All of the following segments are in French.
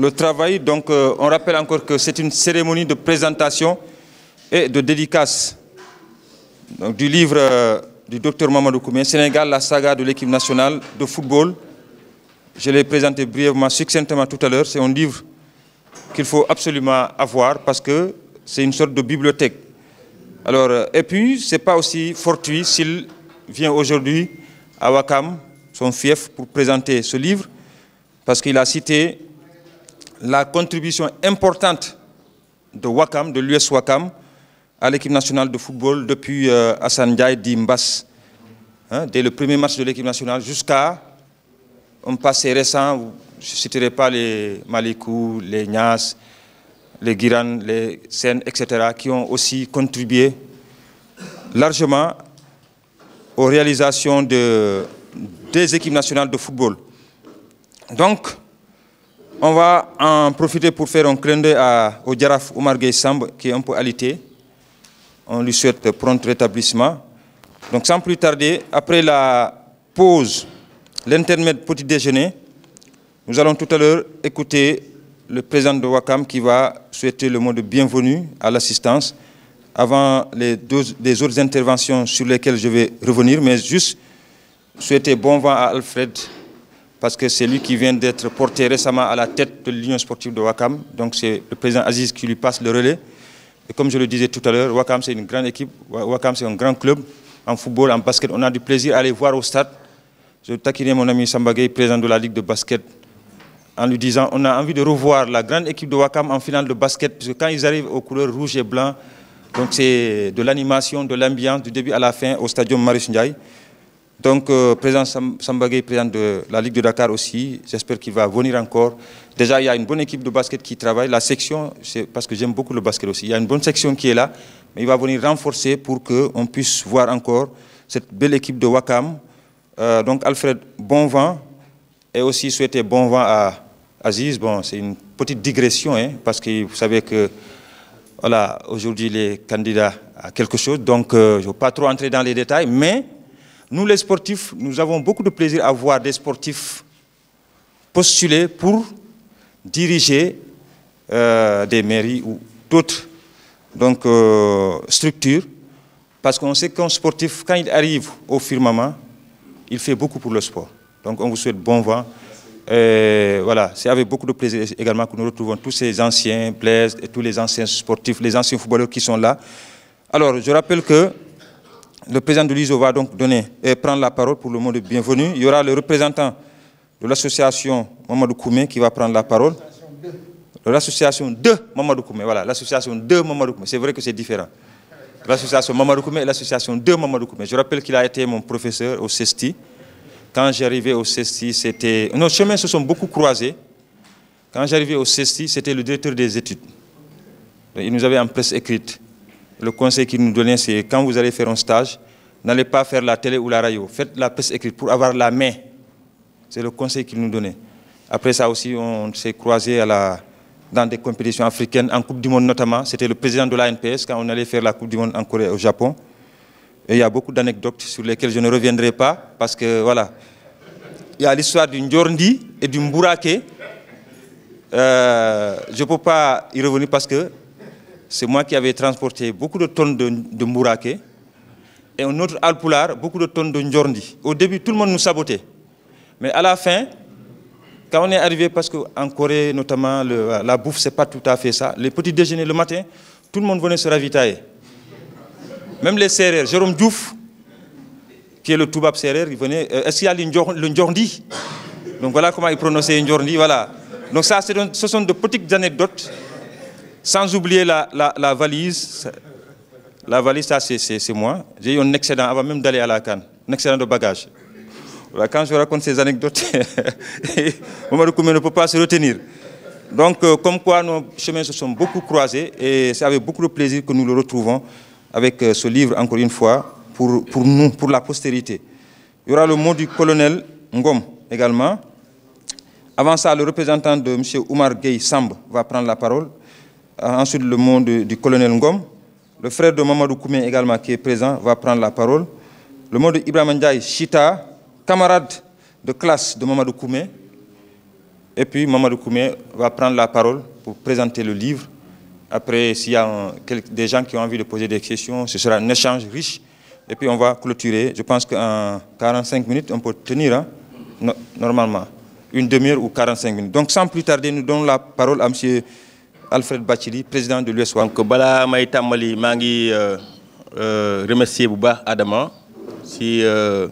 le travail. Donc, euh, on rappelle encore que c'est une cérémonie de présentation et de dédicace du livre euh, du docteur Mamadou Koumé, Sénégal, la saga de l'équipe nationale de football. Je l'ai présenté brièvement, succinctement tout à l'heure. C'est un livre qu'il faut absolument avoir parce que c'est une sorte de bibliothèque. Alors, euh, et puis, ce n'est pas aussi fortuit s'il vient aujourd'hui à Wakam, son fief, pour présenter ce livre, parce qu'il a cité la contribution importante de Wakam, de l'US Wakam, à l'équipe nationale de football depuis euh, d'Imbas. Hein, dès le premier match de l'équipe nationale jusqu'à un passé récent, je ne citerai pas les Malikou, les Nias, les Guiran, les Sen, etc., qui ont aussi contribué largement aux réalisations de, des équipes nationales de football. Donc, on va en profiter pour faire un clin d'œil au Djaraf Omar Samb, qui est un peu alité. On lui souhaite prompt rétablissement. Donc sans plus tarder, après la pause, l'intermède petit déjeuner, nous allons tout à l'heure écouter le président de WACAM qui va souhaiter le mot de bienvenue à l'assistance avant les, deux, les autres interventions sur lesquelles je vais revenir, mais juste souhaiter bon vent à Alfred parce que c'est lui qui vient d'être porté récemment à la tête de l'Union sportive de Wakam. Donc c'est le président Aziz qui lui passe le relais. Et comme je le disais tout à l'heure, Wakam c'est une grande équipe, Wakam c'est un grand club en football, en basket. On a du plaisir à aller voir au stade. Je taquinais mon ami Sambagay, président de la Ligue de basket, en lui disant on a envie de revoir la grande équipe de Wakam en finale de basket, parce que quand ils arrivent aux couleurs rouge et blanc, donc c'est de l'animation, de l'ambiance, du début à la fin au stade Marius Ndiaye. Donc, euh, président Sambagé, président de la Ligue de Dakar aussi, j'espère qu'il va venir encore. Déjà, il y a une bonne équipe de basket qui travaille. La section, c'est parce que j'aime beaucoup le basket aussi, il y a une bonne section qui est là, mais il va venir renforcer pour qu'on puisse voir encore cette belle équipe de Wakam. Euh, donc, Alfred, bon vent et aussi souhaiter bon vent à Aziz. Bon, c'est une petite digression, hein, parce que vous savez que voilà, aujourd'hui, il est candidat à quelque chose, donc euh, je ne vais pas trop entrer dans les détails, mais nous, les sportifs, nous avons beaucoup de plaisir à voir des sportifs postuler pour diriger euh, des mairies ou d'autres donc, euh, structures, parce qu'on sait qu'un sportif, quand il arrive au firmament, il fait beaucoup pour le sport. Donc, on vous souhaite bon vent. voilà, c'est avec beaucoup de plaisir également que nous retrouvons tous ces anciens Blaise et tous les anciens sportifs, les anciens footballeurs qui sont là. Alors, je rappelle que le président de l'ISO va donc donner et euh, prendre la parole pour le mot de bienvenue. Il y aura le représentant de l'association Mamadou Koumé qui va prendre la parole. l'association de Mamadou Koumé, voilà, l'association de Mamadou Koumé. C'est vrai que c'est différent. L'association Mamadou Koumé et l'association de Mamadou Koumé. Je rappelle qu'il a été mon professeur au CESTI. Quand j'arrivais au CESTI, c'était... Nos chemins se sont beaucoup croisés. Quand j'arrivais au CESTI, c'était le directeur des études. Il nous avait en presse écrite le conseil qu'il nous donnait, c'est quand vous allez faire un stage, n'allez pas faire la télé ou la radio. Faites la presse écrite pour avoir la main. C'est le conseil qu'il nous donnait. Après ça aussi, on s'est croisé à la, dans des compétitions africaines, en Coupe du Monde notamment. C'était le président de l'ANPS quand on allait faire la Coupe du Monde en Corée, au Japon. Et il y a beaucoup d'anecdotes sur lesquelles je ne reviendrai pas parce que voilà. Il y a l'histoire d'une Jordi et d'une burake. Euh, je ne peux pas y revenir parce que c'est moi qui avais transporté beaucoup de tonnes de, de et un autre alpoulard, beaucoup de tonnes de njordi. Au début, tout le monde nous sabotait. Mais à la fin, quand on est arrivé, parce qu'en Corée notamment, euh, la bouffe, c'est pas tout à fait ça. Les petits déjeuners le matin, tout le monde venait se ravitailler. Même les serrères, Jérôme Diouf, qui est le Toubab serrère, il venait. Euh, est-ce qu'il y a le njordi Donc voilà comment il prononçait njordi, voilà. Donc ça, ce sont de petites anecdotes sans oublier la, valise. La valise, ça, c'est moi. J'ai eu un excédent avant même d'aller à la Cannes, un excellent de bagages. Quand je raconte ces anecdotes, Mamadou Koumé ne peut pas se retenir. Donc, euh, comme quoi nos chemins se sont beaucoup croisés et c'est avec beaucoup de plaisir que nous le retrouvons avec euh, ce livre, encore une fois, pour, pour nous, pour la postérité. Il y aura le mot du colonel Ngom également. Avant ça, le représentant de M. Oumar Gueye Samb va prendre la parole. Euh, ensuite le mot du, colonel Ngom. Le frère de Mamadou Koumé également qui est présent va prendre la parole. Le mot de Ibrahim Ndiaye Chita, camarade de classe de Mamadou Koumé. Et puis Mamadou Koumé va prendre la parole pour présenter le livre. Après, s'il y a des gens qui ont envie de poser des questions, ce sera un échange riche. Et puis on va clôturer. Je pense qu'en 45 minutes, on peut tenir hein, normalement. Une demi-heure ou 45 minutes. Donc sans plus tarder, nous donnons la parole à M. Alfred Bachiri, président de l'USO. donc euh, euh, remercier si euh,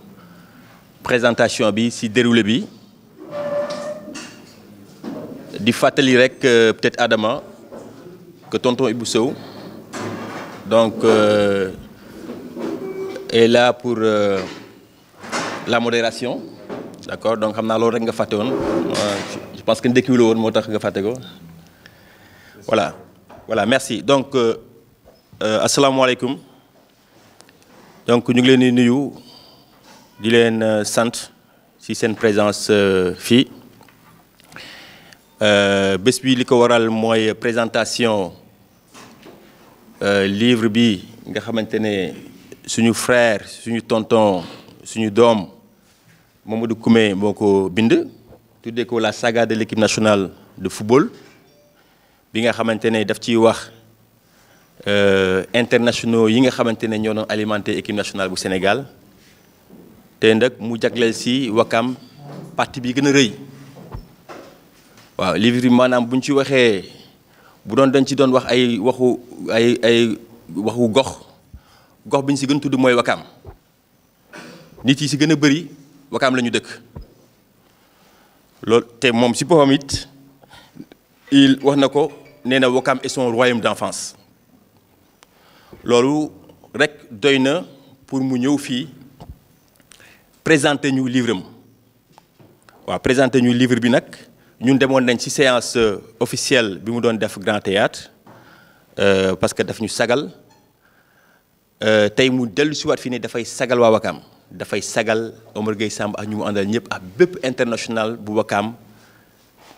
présentation bi si déroulé bi di peut-être Adama que tonton donc est là pour la modération d'accord donc je pense que c'est un peu. Voilà, voilà, merci. Donc, euh, euh assalamu alaikum. Donc, nous sommes nous, Dylan Sant, si c'est une présence euh, fille. Euh, bés bi li waral présentation livre bi nga xamante ne nos frère suñu tonton suñu doom Mamadou Koumé moo ko bind ko la saga de l'équipe nationale de football bi nga xamante ne daf ciy wax euh, internationaux yi nga xamante ne ñoo doon alimenter équipe nationale bu Sénégal te nag mu Wakam parti bi gën a rëy waaw livre bi maanaam bu ñu ci waxee bu doon dañ ci doon wax ay waxu ay ay waxu gox gox gën Wakam nit yi bëri Wakam la ñu dëkk loolu il wax na ko nee Wakam est son royaume d'enfance loolu rek doy pour mu ñëw fii présenter ñu livre am waaw présenter ñu livre bi nag ñun demoon nañ ci séance euh, officielle bi mu doon def Grand Théâtre euh, parce que daf ñu sagal Euh, tey mu dellu si waat fii ne dafay sagal waa Wakam dafay sagal Omar Gueye Samb ak ñu mu àndal ñëpp ak bépp international bu Wakam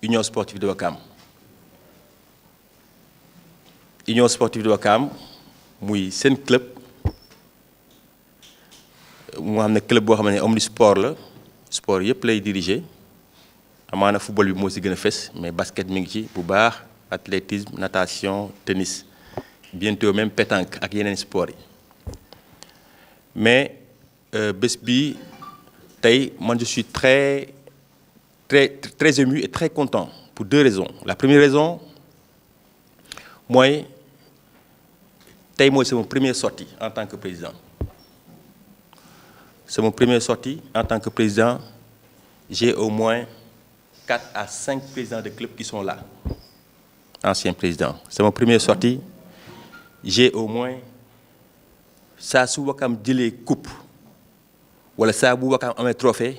Union sportive de Wakam Union sportive de Wakam c'est un club C'est un un club qui est un sport. la sport dirigé. lay diriger Le football bi moo si mais le basket mi ci athlétisme natation tennis bientôt même pétanque ak sport mais euh, je suis très très, ému et très content pour deux raisons. La première raison, moi, c'est mon premier première sortie en tant que président C'est mon premier sortie en tant que président j'ai au moins quatre à cinq présidents de clubs qui sont là anciens présidents c'est mon premier sortie j'ai au moins ça su comme coupe wala ça, bu un trophée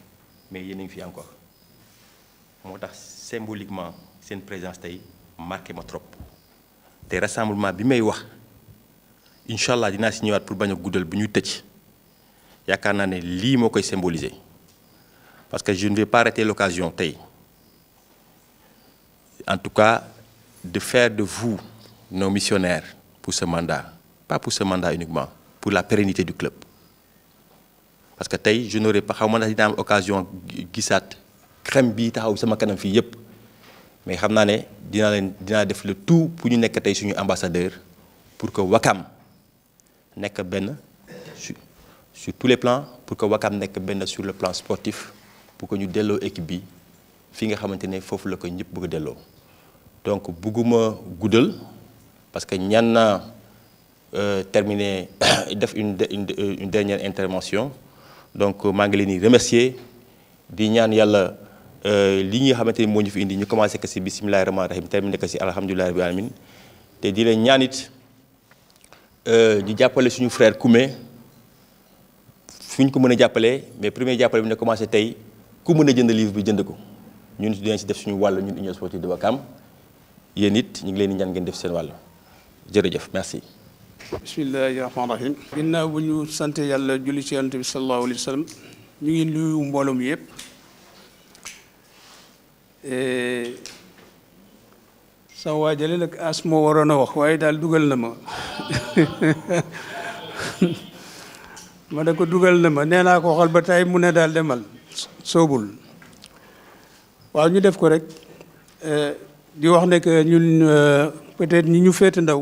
mais il a ngi fi encore moo tax symboliquement cette présence tey marqué ma trop te rassemblement bi may wax incha allah dinaa si ñëwaat pour bañ a guddal bu ñu tëj yaakaar naa ne lii koy symboliser parce que je ne vais pas arrêter l'occasion tey en tout cas de faire de vous nos missionnaires pour ce mandat pas pour ce mandat uniquement pour la pérennité du club parce que je n'aurais pas l'occasion l'occasion dinaa am occasion crème bi taxaw sama mais je sais que nous devons faire le tout pour que nous soyons ambassadeurs, ambassadeur pour que Wakam nekk bien sur tous les plans pour que Wakam nekk bien sur le plan sportif pour que nous soyons équipe bi fi nga xamante ne la donc bugguma guddal parce que nous euh, terminé def une une dernière intervention donc euh, maa ngi leen remercier di ñaan yalla euh li nga xamanteni mo ñu fi indi ñu commencé ko si bisimilahi rahmaani rahim terminé ko si alhamdulilahi rabbil alamin te di leen ñaanit euh di jàppale suñu frère Koumé fi ko mëna a mais premier jàppale bi ne commencé tay ku mëna jënd livre bi jënd ko ñun dinañ si def suñu wàll ñun Union Sportive de Ouakam yéen nit ñi ngi leen ñaan ngeen def seen wàll jërëjëf merci بسم الله الرحمن الرحيم إنا بنيو سنت يلا جلي سيان تبي صلى الله عليه وسلم نيجي نلوي أمبالو ميب سوا جلي لك اسمه ورانا وخواي دال دوغل نما ما دكو دوغل نما نينا كو خال بتاعي منا دال دمال صوبول وعندي دفكرك دي وحنا كنون بتاعي نيجي فيت نداو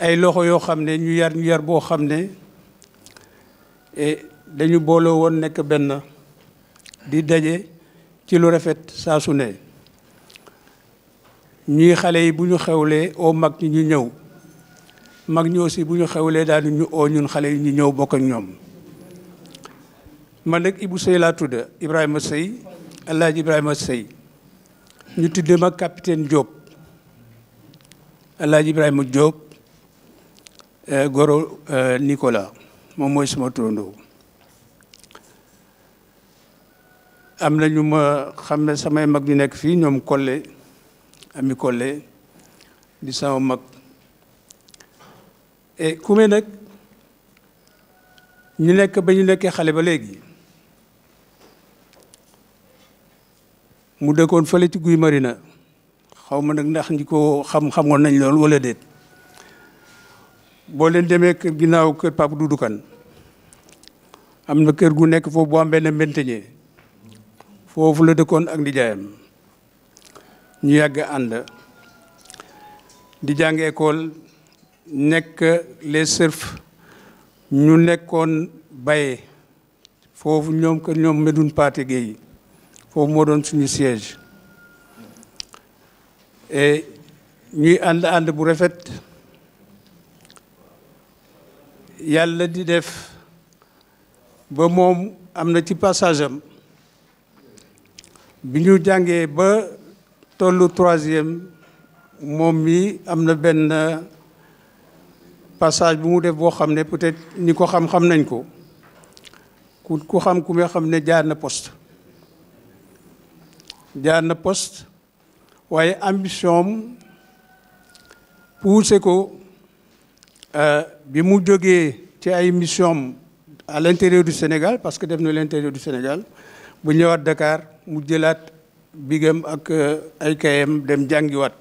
ay loxo yoo xam ne ñu yar ñu yar boo xam ne e, dañu booloo woon nekk benn di daje ci lu rafet saa su ne ñuy xale yi bu ñu xewlee oo mag ñu ñëw mag ñi aussi bu ñu xew lee daal ñu oo ñun xale yi ñu ñëw bokk ak ñoom man nekk Ibou Seye laa tudd Ibrahima Seye El Hadj Ibrahima Seye ñu tuddee ma capitaine jóob El Hadj Ibrahima Diop. Eh, goro eh, Nicolas moom mooy suma turandoo am na ñu ma xam ne samay mag ñu nekk fii ñoom kole ami Collé di sama mag e Koumé nag ñu nekk ba ñu nekkee xale ba léegi mu dëkkoon fële ci Guy Marina xaw ma nag ndax ñi ko xam xamoon nañ loolu walla déet boo leen demee kër ginnaaw kër Pape Doudou Kane am na kër gu nekk foofu bu am benn foofu la dëkkoon ak nijaayam ñu yàgg ànd di jàng école nekk les serf ñu nekkoon baye foofu ñoom kër ñoom Medoune Pathé Guèye foofu moo doon suñu siège et ñuy ànd ànd bu rafet yalla di def ba mom amna ci passage am biñu jangé ba tollu 3 troisième mom mi amna ben passage bu mu def bo xamné peut-être ni ko xam-xam nañ ko ku ku xam ku nga xamné ne jaar na poste jaar na poste waaye ambition poussé ko euh, bi mu jógee ci ay mission à l'intérieur du Sénégal parce que dem na l'intérieur du Sénégal bu ñëwaat Dakar mu jëlaat bigam ak ay euh, kayam dem jàngiwaat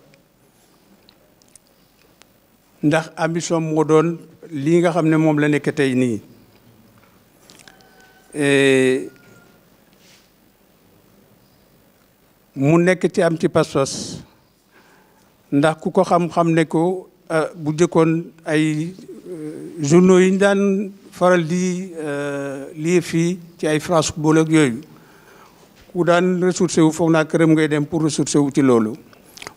ndax ambition mo doon li nga xam mom moom la nekk tey nii mu nekk ci am ci passos ndax ku ko xam-xam ne ko Euh, bu njëkkoon ay euh, journaux yi ñu daan faral di euh, lii fii ci ay France Football ak yooyu ku daan ressourcé wu foog naa këram ngay dem pour ressourcé wu ci loolu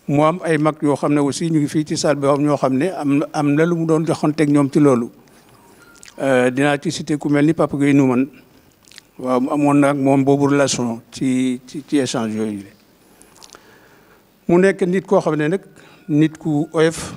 mu am ay mag yoo xam ne aussi ñu ngi fii ci salle bi ñoo xam ne am na am na lu mu doon joxanteeg ñoom ci loolu dinaa ci cité ku mel ni Papa Gueye Numan waaw amoon na ak moom boobu relation ci ci ci échange yooyu mu nekk nit koo xam ne nag nit ku oyof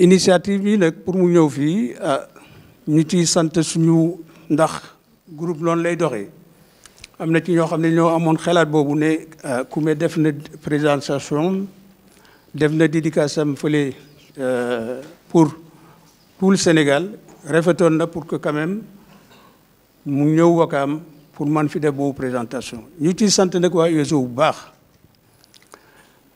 initiative yi nag pour mu ñëw fi ah ñu ciy suñu ndax groupe non lay doxé amna na ci ñoo xam ne ñoo amoon xalaat boobu ku ah, Koumé def na présentation def na dédicace am euh ah, pour tout le Sénégal rafetoon na pour que quand même mu ñëw wakam pour man fi def bo présentation ñu ciy sant nag waa USO bu baax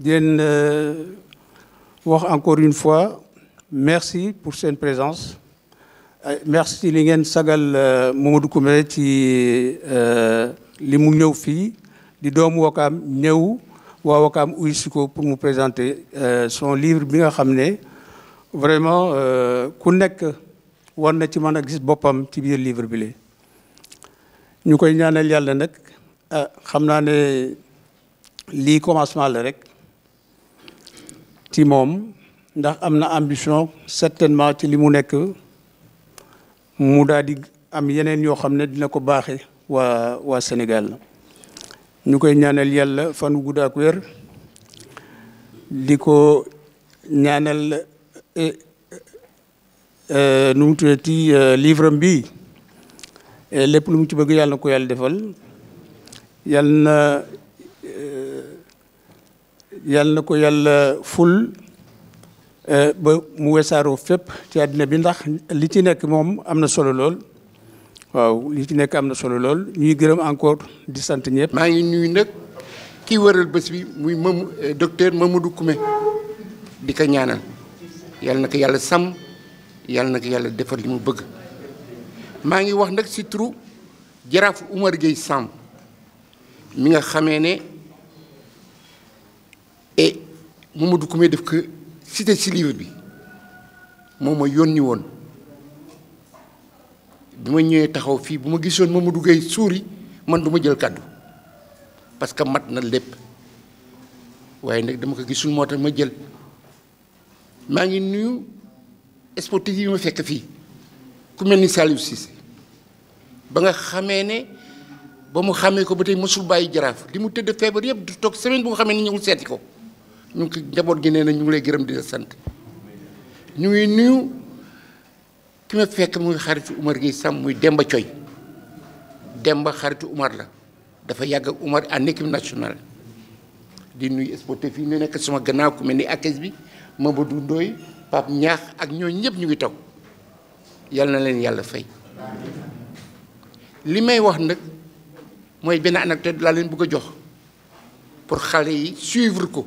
di leen euh, wax encore une fois merci pour cette présence euh, merci li ngeen sagal euh, Mamadou Coumé ci euh li mu ñëw fi di doomu Wakaam ñëw waa Wakaam uy pour me présenter son livre bi nga xamné vraiment euh ku nek war na ci man a gis boppam ci biir livre bi lé ñukoy ñaanal yalla nak ah, xamna né li commencement la rek ci moom ndax am na ambition certainement ci li mu nekk mu daal di am yeneen yoo xam ne dina ko baaxe waa waa Sénégal ñu koy ñaanal yàlla fan wu ak wér di ko ñaanal e, e, nu mu tuddati e, livre am bii lépp lu mu ci bëgg yàlla ko yàlla defal yàlla yal na ko yàlla ful eh, ba mu wesaaroo fépp ci àddina bi ndax li ci nekk moom am na solo lool waaw li ci nekk am na solo lool ñuy gërëm encore di sant ñëpp. maa ngi ñuy nag kii waral bés bi muy mam eh, docteur Mamadou Koumé di ko ñaanal yal na ko yàlla sàmm yal na ko yàlla defal li mu bëgg maa ngi wax nag si turu jaraaf Oumar Gueye Samb mi nga xamee ne. et Mamadou Koumé def ko cité ci livre bi moom ma yónni woon bi ma ñëwee taxaw fii bu ma gisoon Mamadou Gueye suuri man du ma jël kàddu parce que mat na lépp waaye nag dama ko gisul moo tax ma jël maa ngi nuyu sportif yi ma fekk fii ku mel ni Saliou Cissé ba nga xamee ne ba mu xamee ko ba tey mësul bàyyi jaraaf li mu tëdd feebar yëpp du toog semaine bu nga xamee ni ñëwul seeti ko ñu ngi njaboot gi nee na ñu ngi lay gërëm di la sant ñu ngi nuyu ki ma fekk muy xaritu Umar gi sam muy Demba Coy Demba xaritu Umar la dafa yàgg ak Umar en nationale di nuyu sportif yi ñu nekk sama gannaaw ku mel ni akes bi Mamadou Ndoye Pape Ñaax ak ñooñu ñëpp ñu ngi toog yàlla na leen yàlla fay li may wax nag mooy benn anecdote laa leen bëgg a jox pour xale yi suivre ko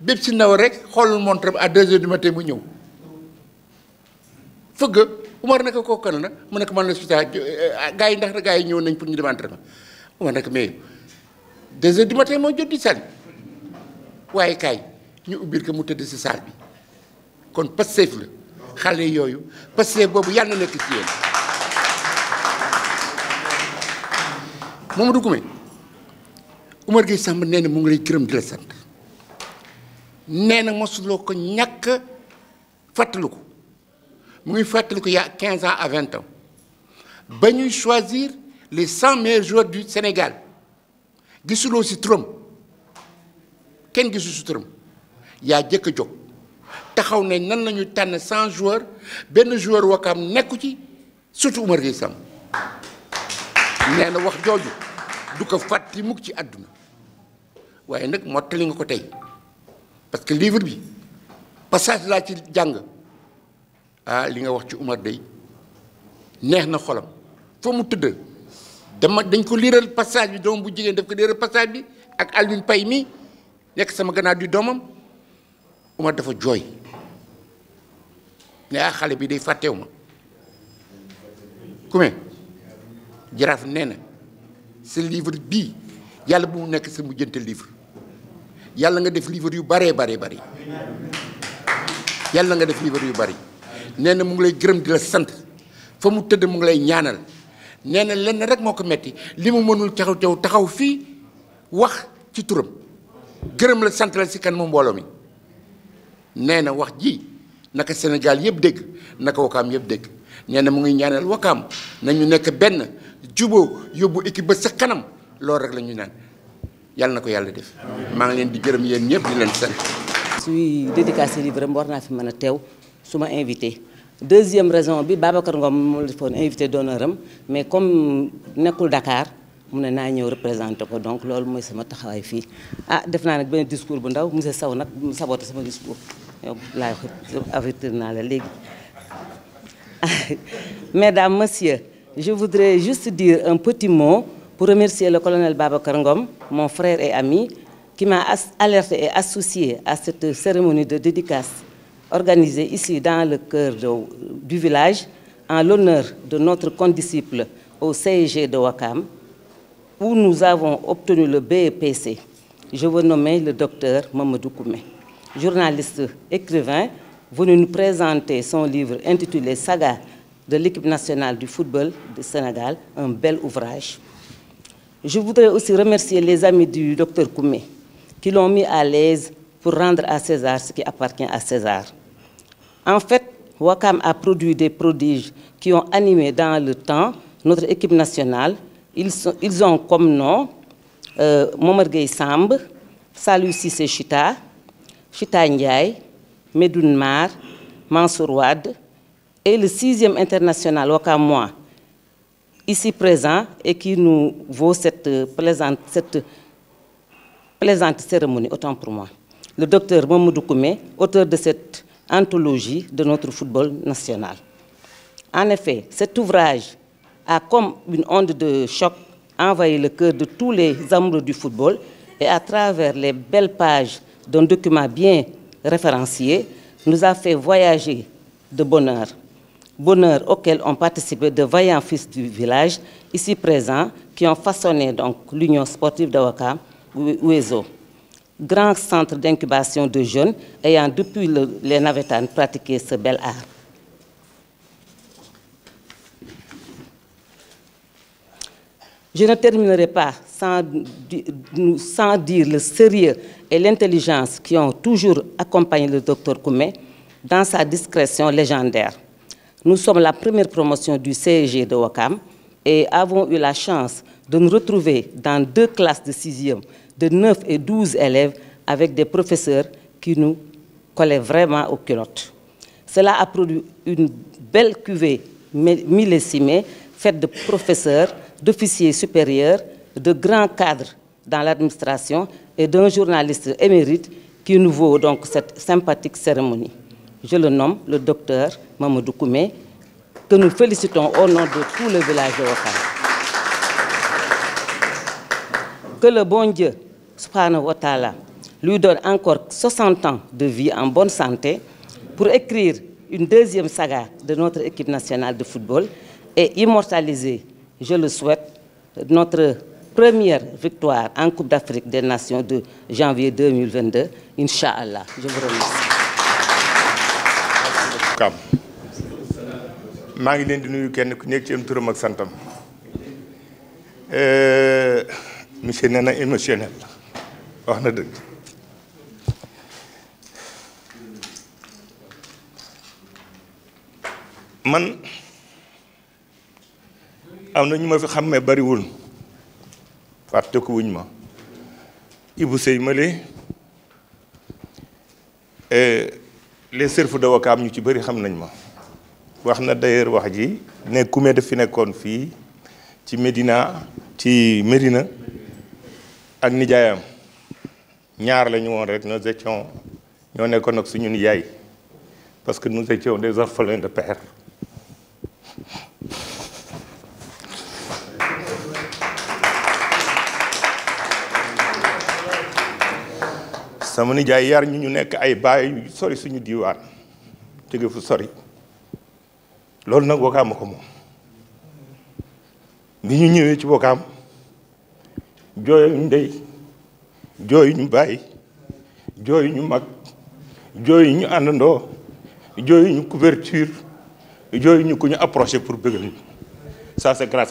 bépp si naw rek xool montre bi à deux heures du matin mu ñëw fëgg Umar naka kooku na la mu nekk man la hospital euh, gars yi ndax gaa yi ñëw nañ pour ñu dem entraînement Umar naka mais deux moo jot di sànni waaye ñu ubbil ko mu tëdd kon Pastef la xale yooyu boobu yàlla na nekk ci yéen Mamadou Coumé Umar Gueye Samb nee na mu ngi lay gërëm di la sant. nena na mosuloo ko fatlu. y'a 15 ans à 20 ans bañu choisir les 100 meilleurs joueurs du Sénégal gisuloo ci turam ken gisu le turam ya y a taxaw ne nan lañu tànn 100 joueurs ben joueur wakam nekku ci surtout Oumar fait du ko ci parce que livre bi passage laa ci jàng ah li nga wax ci Umar day neex na xolam foo mu tëdd dama dañ ko liiral passage bi doom bu jigéen daf ko liiral passage bi ak Alioune pay mii nekk sama gannaaw di doomam Umar dafa jooy ne ah xale bi day fàttew ma ku jaraaf nee na sa livre bi yàlla bu mu nekk sa mujjante livre yalla nga def livre yu bare bare bare yalla nga def livre yu bari nee mu ngi lay gërem di la sante fa mu tëdd mu ngi lay ñaanal nee na lenn rek moko metti limu mënul taxaw taw taxaw fi wax ci turum gërem la sant la ci kan mu mbolo mi wax ji naka senegal yeb deg naka wakam yeb deg nee mu ngi ñaanal wakam nañu nek ben yobbu équipe ba sa kanam rek lañu yalla nako yalla def ma ngi len di gërëm yeen ñepp di leen sant suy dédicacé livre am war fi mëna tew suma invité deuxième raison bi Babacar Ngom mo moo defoon invité d'honneur am mais comme nekul Dakar mu ne naa ñëw représenté ko donc loolu mooy sama taxawaay fii ah def naa nag benn discours bu ndaw monsieur Sow nag saboté sama discours yow laay avertir naa la léegi mesdames messieurs je voudrais juste dire un petit mot pour remercier le colonel Babacar Ngom, mon frère et ami, qui m'a alerté et associé à cette cérémonie de dédicace organisée ici dans le cœur du village en l'honneur de notre condisciple au CIG de Wakam, où nous avons obtenu le BEPC. Je veux nommer le docteur Mamadou Koumé, journaliste écrivain venu nous présenter son livre intitulé Saga de l'équipe nationale du football du Sénégal, un bel ouvrage je voudrais aussi remercier les amis du docteur Koumé qui l'ont mis à l'aise pour rendre à César ce qui appartient à César. En fait, Wakam a produit des prodiges qui ont animé dans le temps notre équipe nationale. Ils, sont, ils ont comme nom euh, Samb, Salut Chita, Chita Ndiaye, Medoun Mar, Mansour et le sixième international Wakamoua ici présent et qui nous vaut cette plaisante, cette plaisante cérémonie, autant pour moi. Le docteur Mamoudou Koumé, auteur de cette anthologie de notre football national. En effet, cet ouvrage a comme une onde de choc envahi le cœur de tous les amoureux du football et à travers les belles pages d'un document bien référencié, nous a fait voyager de bonheur bonheur auquel ont participé de vaillants fils du village, ici présents, qui ont façonné l'Union sportive d'Awaka, UESO. Grand centre d'incubation de jeunes ayant depuis les Navetans pratiqué ce bel art. Je ne terminerai pas sans, sans dire le sérieux et l'intelligence qui ont toujours accompagné le docteur Koumé dans sa discrétion légendaire. Nous sommes la première promotion du CEG de Wakam et avons eu la chance de nous retrouver dans deux classes de 6e de 9 et 12 élèves avec des professeurs qui nous collaient vraiment aux culottes. Cela a produit une belle cuvée millésimée faite de professeurs, d'officiers supérieurs, de grands cadres dans l'administration et d'un journaliste émérite qui nous vaut donc cette sympathique cérémonie je le nomme le docteur Mamadou Koumé, que nous félicitons au nom de tout le village de Que le bon Dieu, subhanahu wa ta'ala, lui donne encore 60 ans de vie en bonne santé pour écrire une deuxième saga de notre équipe nationale de football et immortaliser, je le souhaite, notre première victoire en Coupe d'Afrique des Nations de janvier 2022. Inch'Allah. Je vous remercie. kam maa ngi leen di nuyu kenn ku nekk ci am turam ak santam euh, monsieur nee na émotionnel wax na dëgg man am na ñu ma fi xàmmee bariwul fàtte ko ma Ibou Seye Male euh, les serfs de Wakaam ñu ci bari xam nañ ma wax na d'ailleurs wax ji ne ku daf fi nekkoon fii ci Medina ci Médina ak nijaayam ñaar la ñu woon rek nous étions ñoo nekkoon ak suñu nijaay parce que nous étions des orphelins de père sama jaay yar ñu ñu nekk ay baay yu sori suñu diwaan jóge fu sori loolu nag wakaam a ko moom bi ñu ñëwee ci wakaam jooyuñ ndey jooyuñu bàyyi jooyuñu mag jooyuñu àndandoo jooyuñu couverture jooyuñu ku ñu approché pour bëggal ñu ça c'est grâce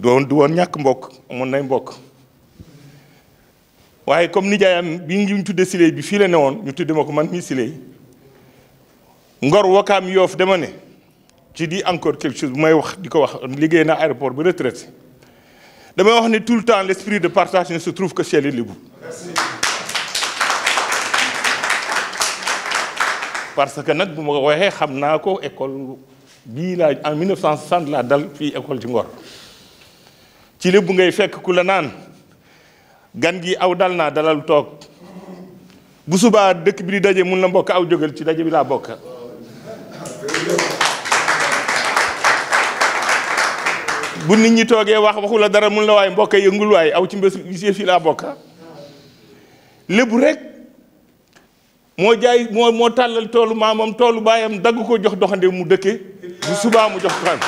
doon du woon ñàkk mbokk amoon nay mbokk waaye comme nijaayam bi ñu tudde Siley bi fii la ne ñu tudde ma ko man mii Siley ngor wakaam yoof dama ne ci di encore quelque chose bu may wax di ko wax liggéey naa aéroport ba retraite damay wax ne tout le temps l' esprit de partage ne se trouve que chez les Lébou parce que nag bu ma waxee xam naa ko école bii laa en 1960 laa dal fii école ci Ngor ci lépp ngay fekk ku la naan gan gi aw dal naa dalal toog bu subaa dëkk bi di daje mun la mbokk aw jógal ci daje bi laa bokk bu nit ñi toogee wax waxu dara mun la waaye mbokk yëngul waaye aw ci mbés yëf fi laa bokk lépp rek moo jaay moo moo tàllal toolu maamam toolu baayam dagg ko jox doxande mu dëkke bu subaa mu jox ko xam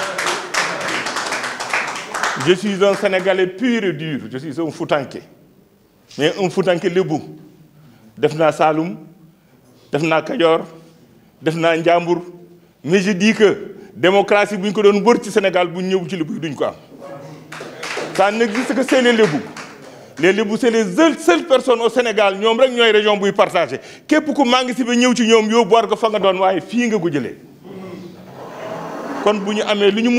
Je suis un Sénégalais pur et dur, je suis un Foutanké. Mais un Foutanké lébu. Defna naa Saloum def Kayor, Kayor, def mais je dis que démocratie si on ko doon wër Sénégal bu ñu ci ça n'existe que c'est les lébu les Lebou, c'est les seules personnes au Sénégal qui rek une région buy partagé képp ku maa ngi si ba de ci ñoom yow boor ko fa nga Quand waaye fii nga ko jëlee kon bu ñu amee lu ñu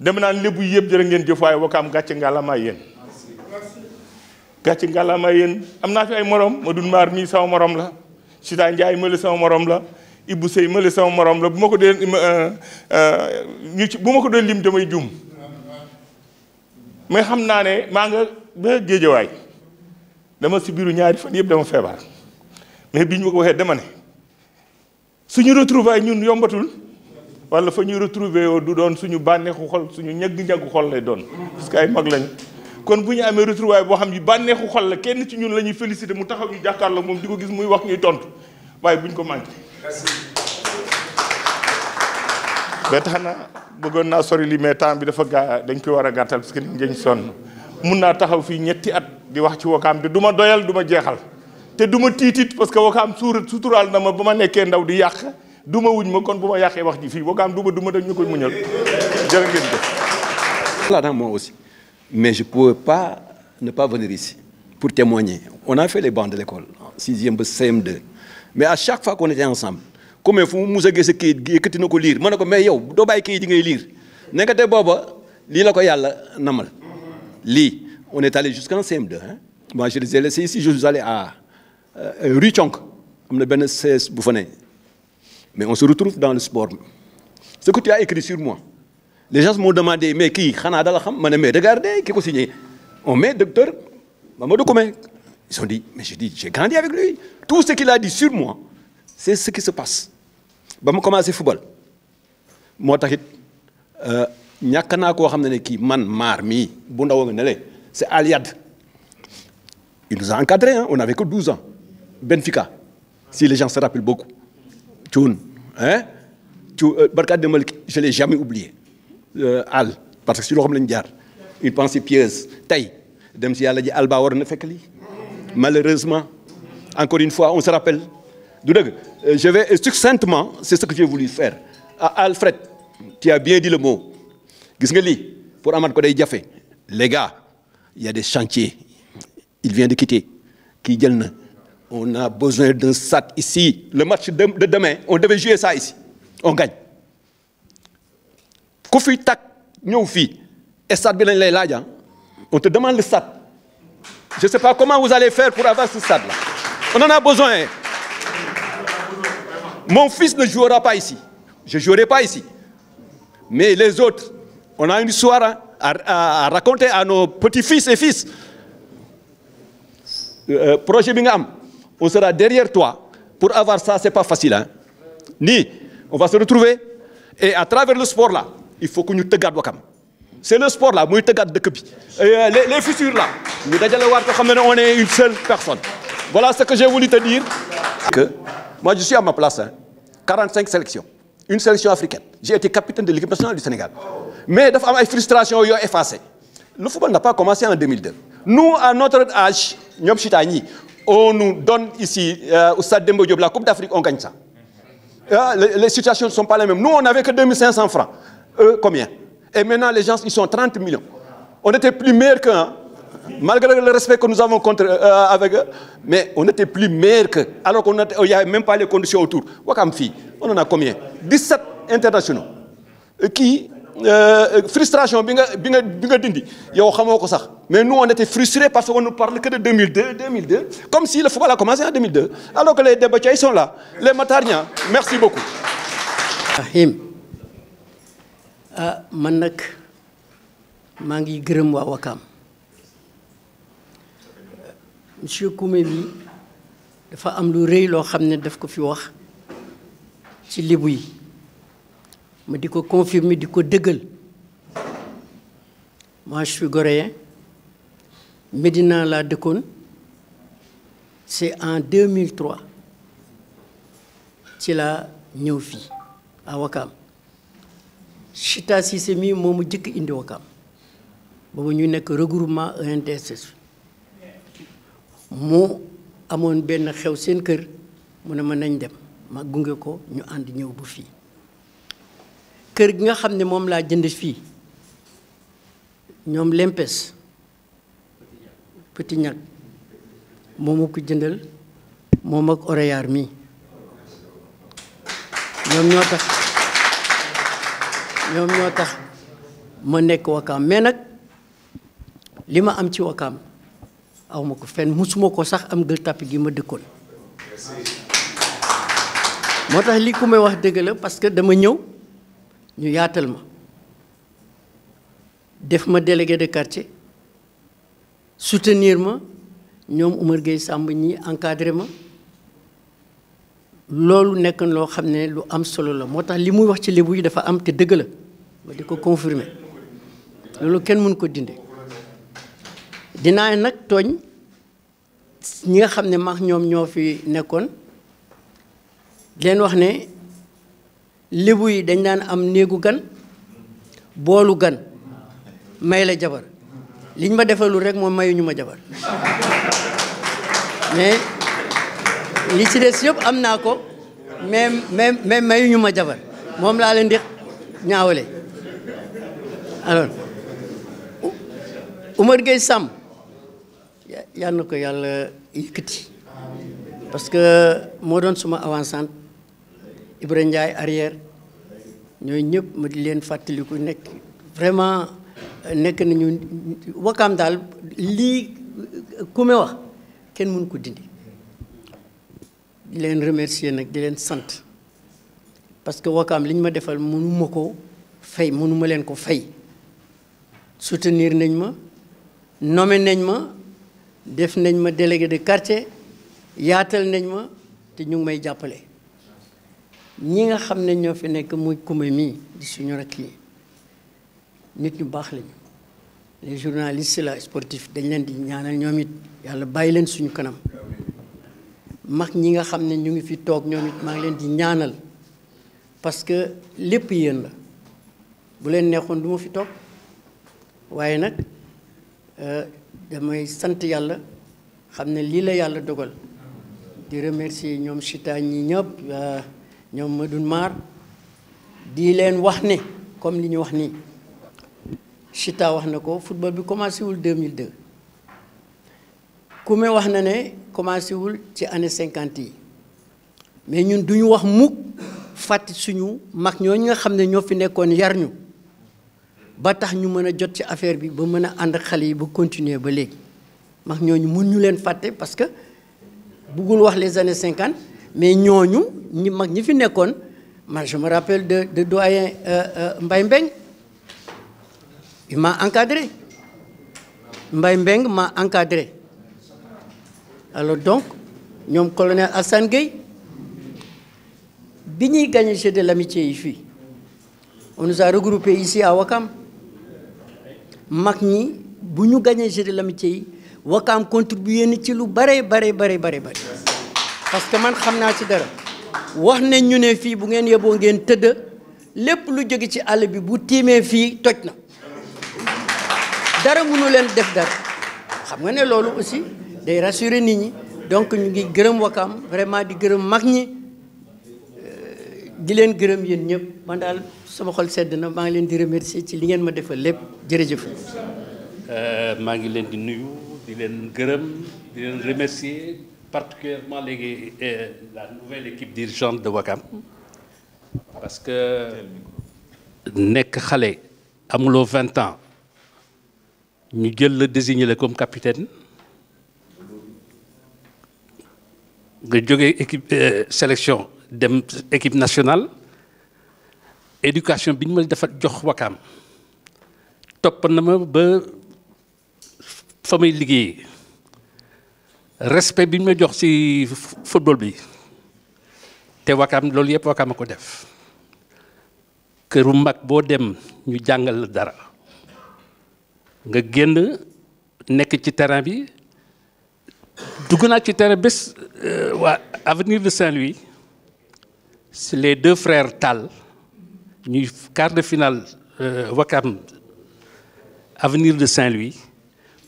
dem naan lébu yëpp jërë ngeen jëf waaye wakaam gàcce ngàllamaay yéen gàcce ngàllamaay am naa fi ay morom ma dun maar mii sama morom la Sida Ndiaye mali sama moroom la Ibou Sey mali sama morom la bu ma ko dee euh, euh, ci bu ma ko dee lim damay juum mais xam naa ne maa nga ba géejawaay dama si biiru ñaari fan yëpp dama feebar mais bii ñu ma ko waxee dama ne suñu retrouvailles ñun yombatul wala fa ñuy retrouver yoo du doon suñu bànneexu xol suñu ñagg-ñaggu xol lay doon parce que ay mag lañ kon bu ñu amee retrouvaille boo xam ni bànneexu xol la kenn ci ñun la ñuy félicité mu taxaw ñu jàkkaarloo moom di ko gis muy wax ñuy tontu waaye bu ñu ko manqué ba tax na bëggoon naa sori li mais temps bi dafa gaa dañ koy war a gàttal parce que nit ñi sonn mun naa taxaw fii ñetti at di wax ci wakaam te du ma doyal du ma jeexal te du ma tiitit parce que wakaam suur suturaal na ma ba ma nekkee ndaw di yàq duma wuñ ma kon buma ma wax ji fi boo ko duma duma dañ ñukoy muñal jërë ngeen jëf. là moi aussi mais je pouvais pas ne pas venir ici pour témoigner on a fait les bancs de l'école 6 sixième ba CM2 mais à chaque fois qu'on était ensemble comme fu mu mus a keet sa kayit gi yëkkati na ko liir ma mais yow do bay keet yi ngay liir nekkate booba lii la ko yalla namal li on est allé jusqu'en CM2 hein moi je les ai laissés ici je suis allé à euh, Rue Chonk am na benn CES bu fa mais on se retrouve dans le sport. Ce que tu as écrit sur moi, les gens m'ont demandé, mais qui Mais regardez, qui est signé On met docteur Mamadou comment? Ils ont dit, mais j'ai dit, j'ai grandi avec lui. Tout ce qu'il a dit sur moi, c'est ce qui se passe. Je commencé le football. Moi, euh, ñàkk suis Nyakana, ko xamné ki man mar mi bu ndaw nga c'est Aliad il nous a encadré hein, on avait que 12 ans Benfica si les gens se rappellent beaucoup Hein? Euh, je ne l'ai jamais oublié. Euh, Al, parce que si l'homme l'a une pensée pieuse. Taï, dem si dit Alba Malheureusement, encore une fois, on se rappelle. Euh, je vais succinctement, c'est ce que j'ai voulu faire. Alfred, tu as bien dit le mot. pour Amad ko Les gars, il y a des chantiers. Il vient de quitter. Qui on a besoin d'un sac ici. Le match de, demain, on devait jouer ça ici. On gagne. tak, fi. Et ça, on te demande le sac. Je ne sais pas comment vous allez faire pour avoir ce stade-là. On en a besoin. Hein. Mon fils ne jouera pas ici. Je ne jouerai pas ici. Mais les autres, on a une histoire hein, à, raconter à nos petits-fils et fils. Euh, euh, projet Bingham on sera derrière toi. Pour avoir ça, c'est pas facile. Hein? Ni, on va se retrouver. Et à travers le sport là, il faut que nous te gardions C'est le sport là, nous te garde les, les fissures là, nous on est une seule personne. Voilà ce que j'ai voulu te dire. Que moi, je suis à ma place. 45 hein. sélections. Une sélection africaine. J'ai été capitaine de l'équipe nationale du Sénégal. Mais il y a des Le football n'a pas commencé en 2002. Nous, à notre âge, nous sommes on nous donne ici, euh, au Stade Dembo Diop, la Coupe d'Afrique, on gagne ça. Euh, les, situations ne sont pas les mêmes. Nous, on n'avait que 2500 francs. Eux, combien Et maintenant, les gens, ils sont 30 millions. On était plus meilleurs qu'un, hein. malgré le respect que nous avons contre, euh, avec eux, mais on n'était plus meilleurs que... alors qu'il n'y avait même pas les conditions autour. Wakam on en a combien 17 internationaux qui euh, frustration bi nga bi dindi yow xamoko sax mais nous on était frustrés parce qu'on ne parle que de 2002 2002 comme si le football a commencé en 2002 alors que les débats sont là les matarniens merci beaucoup. Ahim ah man nak mangi gërem wa wakam monsieur Koumé bi dafa am lu reuy lo xamné daf ko fi wax ci ma di confirmé, confirmer di ko moi je suis goréen Je suis c'est en 2003 ci la ñëw fii à Wakam. Chita Cissé mii moomu jëkk indi Wakam. boobu ñu regroupement e mu xew dem ma ko ñu kër gi nga xam mom la jënd fi ñom lempes petit ñak momu ko jëndal mom ak oreyar mi ñom ñoo tax ñom ñoo tax ma nekk wakam mais nak lima am ci wakam aw fen ko fenn musuma ko sax am gël tàpp gi ma dëkkoon motax li ku may wax parce que dama ñëw ñu yaatal ma def ma délégué de quartier soutenir ma ñoom Oumar Gueye Samb ñi encadré ma loolu nekk loo xam ne lu am solo la moo tax li muy wax ci lébu yi dafa am te dëgg la ma di ko confirmer loolu kenn mënu ko dinde dinaa nag tooñ ñi nga xam ne maax ñoom ñoo fi nekkoon leen wax ne lébu yi dañ daan am néegu gan boolu gan may la jabar liñ ma defalul rek moom mayuñu ma jabar mais li ci des yëpp am naa ko mais mais mais mayuñu ma jabar moom laa leen di ñaawale alors Oumar Gueye sàmm yal na ko yàlla yëkkati parce que moo doon suma avancante Ibrahima Ndiaye arrière ñooy ñëpp ma di leen fàttaliku nekk vraiment nekk nañu wakkaam daal lii ku wax kenn mënu ko dindi di leen remercier nag di leen sant parce que wakkaam liñ ma defal mënuma ko fay mënuma leen ko fay soutenir nañ ma nommé nañ ma def nañ ma délégué de quartier yaatal nañ ma te ñu ngi may jàppale ñi nga xam ne ñoo fi nekk muy kumé mii di suñu rakk yi nit ñu baax lañu les journalistes la sportifs dañ leen di ñaanal ñoom it yàlla bàyyi leen suñu kanam mag ñi nga xam ne ñu ngi fi toog ñoom it maa ngi leen di ñaanal parce que lépp yéen la bu leen neexoon du fi toog waaye nag euh, damay sant yàlla xam ne lii la yàlla dogal di remercier ñoom Chita ñi ñëpp. Euh, ñom Madoune Mar di len wax ne comme li ñu wax nii Chita wax nako football bi commencé wul 2002 Koumé wax na ne commencé wul ci année 50 yi mais ñun duñu wax mukk fatit suñu mak ñoo nga xam ñoo fi nekkoon yarñu ba tax ñu mën jot ci affaire bi ba mën a xali bu continuer ba léegi mak ñooñu mun ñu len faté parce que buggul wax les années 50 mais nous, nous nous ñi fi je me rappelle de de doyen euh, euh, Mbaye il m'a encadré Mbaimbeng m'a encadré alors donc sommes colonel Hassan Gueye bi avons gagné de l'amitié ici, on nous a regroupés ici à Wakam Nous, ñi gagné de l'amitié Wakam Wakam contribué à ci lu bare parce que man xamna ci dara wax ne ñu ne fi bu ngeen yeboo ngeen teud lepp lu jóge ci all bi bu timé fi tojna dara mënu leen def dara xam nga ne lolu aussi day rassurer nit ñi donc ñu ngi gërëm wakam vraiment di gërëm mag ñi di leen gërëm yeen ñëpp man dal sama xol sedd na ma ngi leen di remercier ci li ngeen ma defal lépp jërëjëf euh, ma ngi leen di nuyu di leen gërëm di leen remercier particulièrement euh, la nouvelle équipe dirigeante de Wakam. Parce que nekk Khalé, amuloo 20 ans ñu jël désigné comme capitaine nga euh, sélection de l'équipe nationale éducation bi jox Wakam Top na ma respect bi jox ci football bi te Wakam loolu yépp Wakam ko def këru mag boo dem ñu jàngal la dara nga génn nekk ci terrain bi dugg ci terrain bés euh, waa avenir de Saint-Louis les deux frères Tal, ñuy quart de finale euh, Wakam avenir de Saint-Louis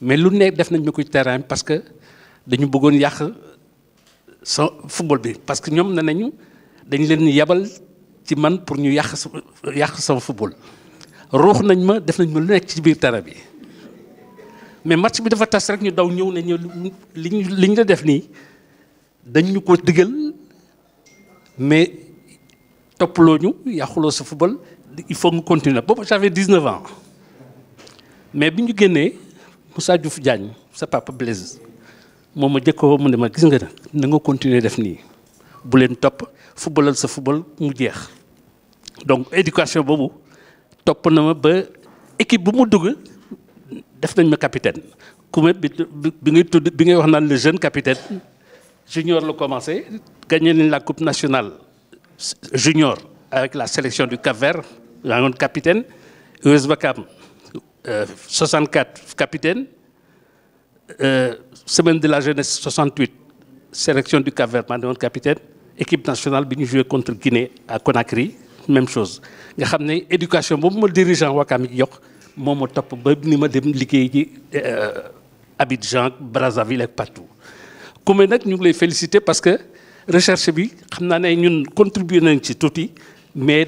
mais lu ne def nañ ko ci terrain parce que dañu bëggoon yàq sa football bi parce que ñoom ne nañu dañ leen yabal ci man pour ñu yàq sa yàq sama football ruux nañ ma def nañ ma lu nekk ci biir terrain bi mais match bi dafa tas rek ñu daw ñëw ne ñu li ñu li la def nii dañ ñu ko digal mais toppaloo ñu yàquloo sa football il faut nga continuer boobu j'avais 19 ans mais bi ñu génnee Moussa Diouf Diagne sa papa Blaise moom ma jëkkoo mu ne ma gis nga na nga continuer def nii bu leen topp footballal sa football mu jeex donc éducation boobu topp na ma ba équipe bu mu def nañ ma capitaine Koumé bi bi ngay tudd bi ngay wax naan le jeune capitaine junior la commencé gagné la coupe nationale junior avec la sélection du Cap-Vert a un capitaine US 64 capitaine euh, semaine de la jeunesse 68, sélection du cap de capitaine, équipe nationale qui contre Guinée à Conakry même chose nga avons que éducation dirigeant le il ni euh, Abidjan Brazzaville et partout. Nous féliciter parce que recherche bi à ñun contribuer mais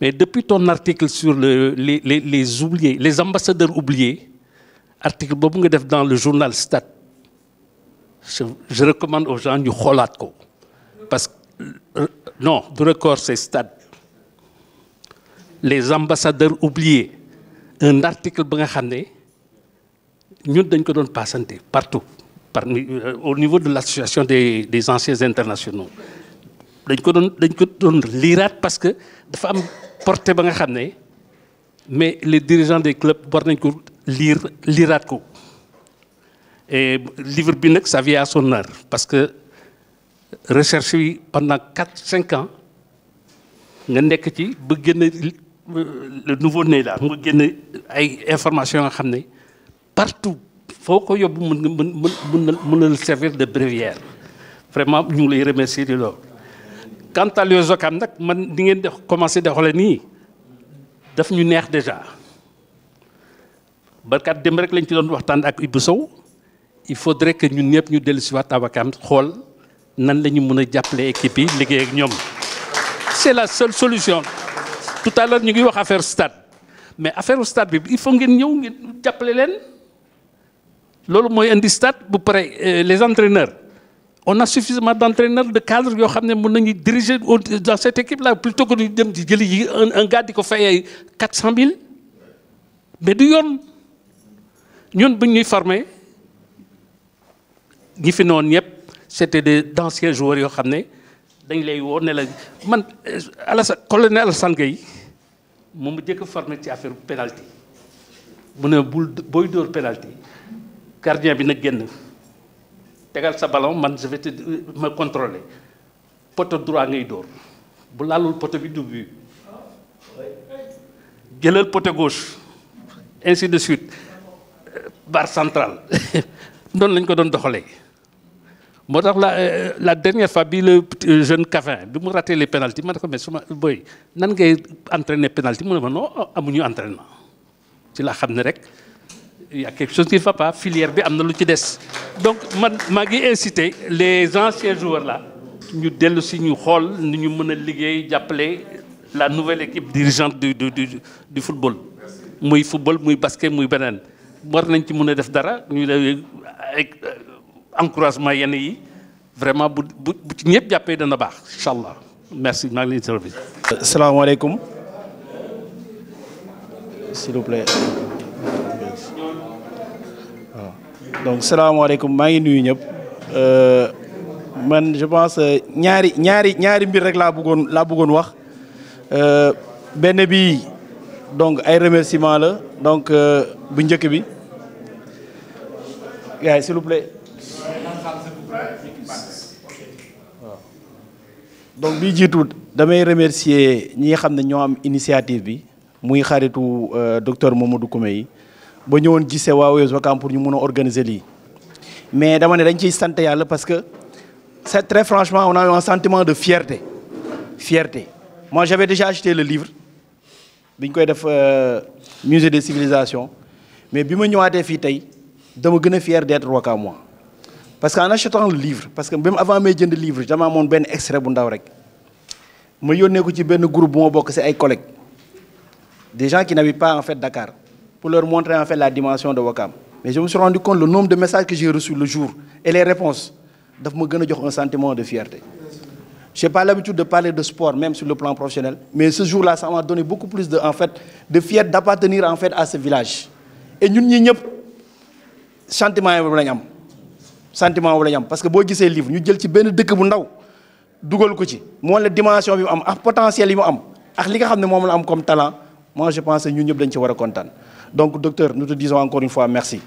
mais depuis ton article sur les oubliés les ambassadeurs oubliés article vous nga def dans le journal Stade je, recommande aux gens ñu xoolaat ko parce que euh, non du record c'est Stade les ambassadeurs oubliés un article ba nga ne ñun dañ ko partout euh, au niveau de l'association des anciens internationaux dañ ko doon dañ ko doon parce que dafa am portée ba nga mais les dirigeants des clubs portent nañ ko lire à l'Irako. Et le livre Binek, ça vient à son heure. Parce que recherché pendant 4-5 ans, euh, le nouveau-né, il y a des informations partout. Faut que je le servir de brevière. Vraiment, je les remercier de Quant à l'Ozokam, nous avons commencé à faire des choses. Nous déjà barkat dem rek lañ ci doon waxtaan ak Ibou Sow il faudrait que ñun ñëpp ñu dellu si waat Ouakam xool nan la ñu mën a jàppale équipe yi liggéey ak ñoom c'est la seule solution tout à l'heure ñu ngi wax affaire stade mais affaire stade bi il faut ngeen ñëw ngeen jàppale leen loolu mooy indi stade bu pare euh, les entraîneurs on a suffisamment d'entraîneurs de cadres yoo xam ne mën nañu diriger dans cette équipe là plutôt que ñu dem di jëli yi un gars di ko fay ay mille mais du yoon nous, on formé c'était des anciens joueurs yoo colonel Alassane formé ci affaire penalty mu ne penalty gardien bi sa ballon man je vais te contrôler poteau droit ngay bu poteau bi gauche ainsi de suite bar centrale, Non, lañ ko doon doxalee Moi la euh, la dernière fois bi le euh, jeune Cavin bi mu raté les pénaltys, ma ko mais suma boy nan ngay entraîner pénalty Moi ne ma non ah, amuñu entraînement ci la xam Il y a quelque chose qui ne va pas filière bi am lu ci donc man maa inciter les anciens joueurs là nous dellu nous ñu nous ni ñu mën d'appeler la nouvelle équipe dirigeante du du du du football muy football muy basket muy banane war nañ ci mën a def dara ñu ay encouragement yenn yi vraiment bu bu ci ñëpp jàppee dana baax incha allah merci maa ngi leen di service. salaamaaleykum. s'il vous plaît. Ah. donc salaamaaleykum maa ngi nuyu ñëpp euh, man je pense ñaari ñaari ñaari mbir rek laa bëggoon laa bëggoon wax euh, benn bi donc ay remerciement la donc euh, bu njëkk bi. Yeah, s'il vous plaît. Ah. donc bi jiitu damay remercier ñi nga xam ñoo am initiative bi muy xaritu euh, docteur Mamadou Koumé ba gissé wa Wakam pour ñu mun organiser li. mais dama né dañ ciy Yalla parce que c'est très franchement on a eu un sentiment de fierté fierté moi j'avais déjà acheté le livre bi koy def euh, musée des civilisations mais je ma fi tay je suis fier d'être moi..! parce qu'en achetant le livre parce que même avant d'acheter le livre j'ai mon ben extrait bu ndaw rek ma groupe collègues des gens qui n'habitent pas en fait Dakar pour leur montrer en fait la dimension de Wakam. mais je me suis rendu compte le nombre de messages que j'ai reçus le jour et les réponses daf me donner un sentiment de fierté j'ai pas l'habitude de parler de sport même sur le plan professionnel mais ce jour-là ça m'a donné beaucoup plus de en fait de fierté d'appartenir en fait à ce village et nous ñi sentiment boobu lañ am sentiment boobu lañ am parce que boo gisee livre ñu jël ci benn dëkk bu ndaw dugal ko ci moo la dimension bi mu am ak potentiel yi mu am ak li nga xam ne moom la am comme talent moi je pense que ñun ñëpp dañ ci war a kontaan donc docteur nous te disons encore une fois merci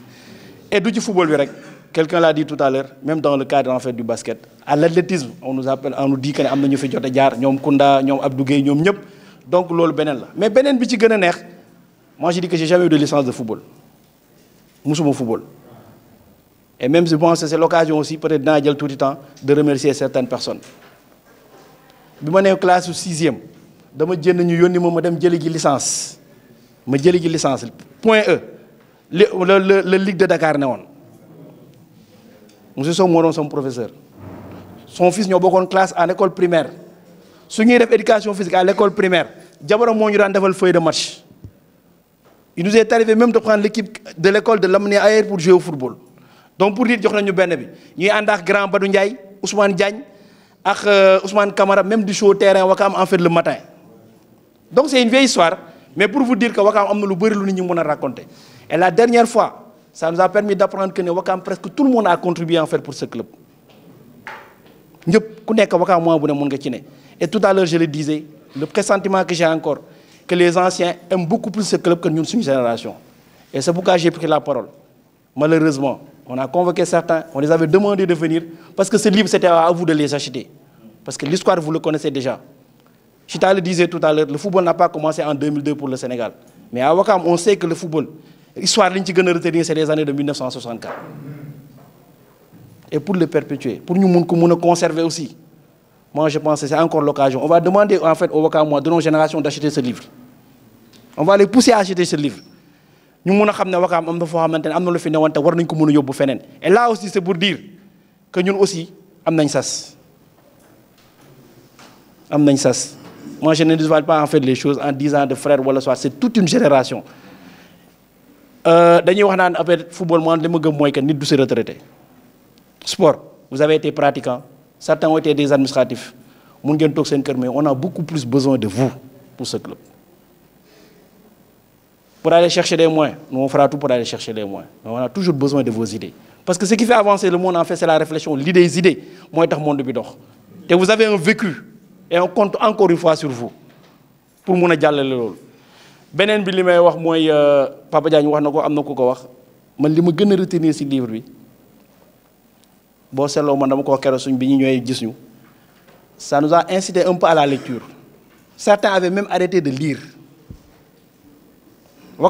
et du ci football bi rek quelqu'un l'a dit tout à l'heure même dans le cadre en fait du basket à l'athlétisme on nous appelle on nous dit que ne am na ñu fi jot a jaar ñoom kunda ñoom Abdou Gueye ñoom ñëpp donc loolu beneen la mais beneen bi ci gën a neex moi je dis que j'ai jamais eu de licence de football musuma football et même, je pense que c'est l'occasion aussi, peut-être, dans tout le temps, de remercier certaines personnes. Quand je suis en classe 6e, je me suis licence. Je suis licence. Point E. Le, le, le, le Ligue de Dakar. Monsieur Somoron, son professeur. Son fils, nous une classe à l'école primaire. Si nous avons éducation physique à l'école primaire, nous avons le feuille de match. Il nous est arrivé même de prendre l'équipe de l'école de l'amener ailleurs pour jouer au football donc pour dire que nous benn bi ñuy ànd ak grand Badou Ndiaye Ousmane Diagne ak euh, Ousmane Camara même du show terrain Wakam en fait le matin donc c'est une vieille histoire mais pour vous dire que Wakam am lu lu ñi raconter et la dernière fois ça nous a permis d'apprendre que presque tout le monde a contribué en faire pour ce club Nous ku nekk Wakam mois ne ne et tout à l'heure je le disais le pressentiment que j'ai encore que les anciens aiment beaucoup plus ce club que nous, une génération et c'est pourquoi j'ai pris la parole malheureusement on a convoqué certains, on les avait demandé de venir, parce que ce livre, c'était à vous de les acheter. Parce que l'histoire, vous le connaissez déjà. Chita le disait tout à l'heure, le football n'a pas commencé en 2002 pour le Sénégal. Mais à Wakam, on sait que le football, l'histoire de retenir, c'est les années de 1964. Et pour le perpétuer, pour nous, nous conserver aussi. Moi, je pense que c'est encore l'occasion. On va demander en fait au Wakam, de nos générations, d'acheter ce livre. On va les pousser à acheter ce livre. Nous mun xamné wakam ne wakaam am na foo xamante ne lu fi ne wante war nañ ko yobbu fenen et là aussi c'est pour dire que ñun aussi am nañ sas am nañ sas moi je ne dévoile pas en fait les choses en disant de frère wala soit c'est toute une génération euh, dañuy wax naan après football moi li ma gëm moy que nit du se retraité sport vous avez été pratiquant certains ont été des administratifs mun ngeen tok seen kër mais on a beaucoup plus besoin de vous pour ce club pour aller chercher des moyens. Nous, on fera tout pour aller chercher des moyens. on a toujours besoin de vos idées. Parce que ce qui fait avancer le monde, en fait, c'est la réflexion, l'idée, les idées. monde Et vous avez un vécu. Et on compte encore une fois sur vous. Pour mon dialogue. Le benen bi limay wax euh, papa diagne wax nako amna ko wax man retenir ce livre bi bo selo man dama ko kéro suñ bi ñoy gis ñu ça nous a incité un peu à la lecture certains avaient même arrêté de lire on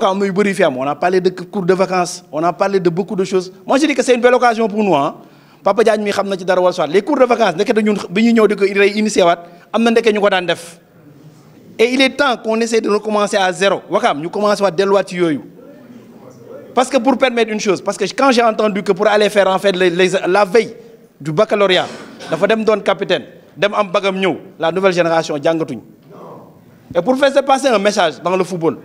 a parlé de cours de vacances, on a parlé de beaucoup de choses. Moi, je dis que c'est une belle occasion pour nous. Hein. Papa Diagne, mi xamna Les cours de vacances, nous dañu biñu ñëw sont initié, wat, amna Et il est temps qu'on essaie de recommencer à zéro. Wakam, ñu à déloyer Parce que pour permettre une chose, parce que quand j'ai entendu que pour aller faire en fait la veille du baccalauréat, dafa dem don capitaine, dem am la nouvelle génération Et pour faire passer un message dans le football,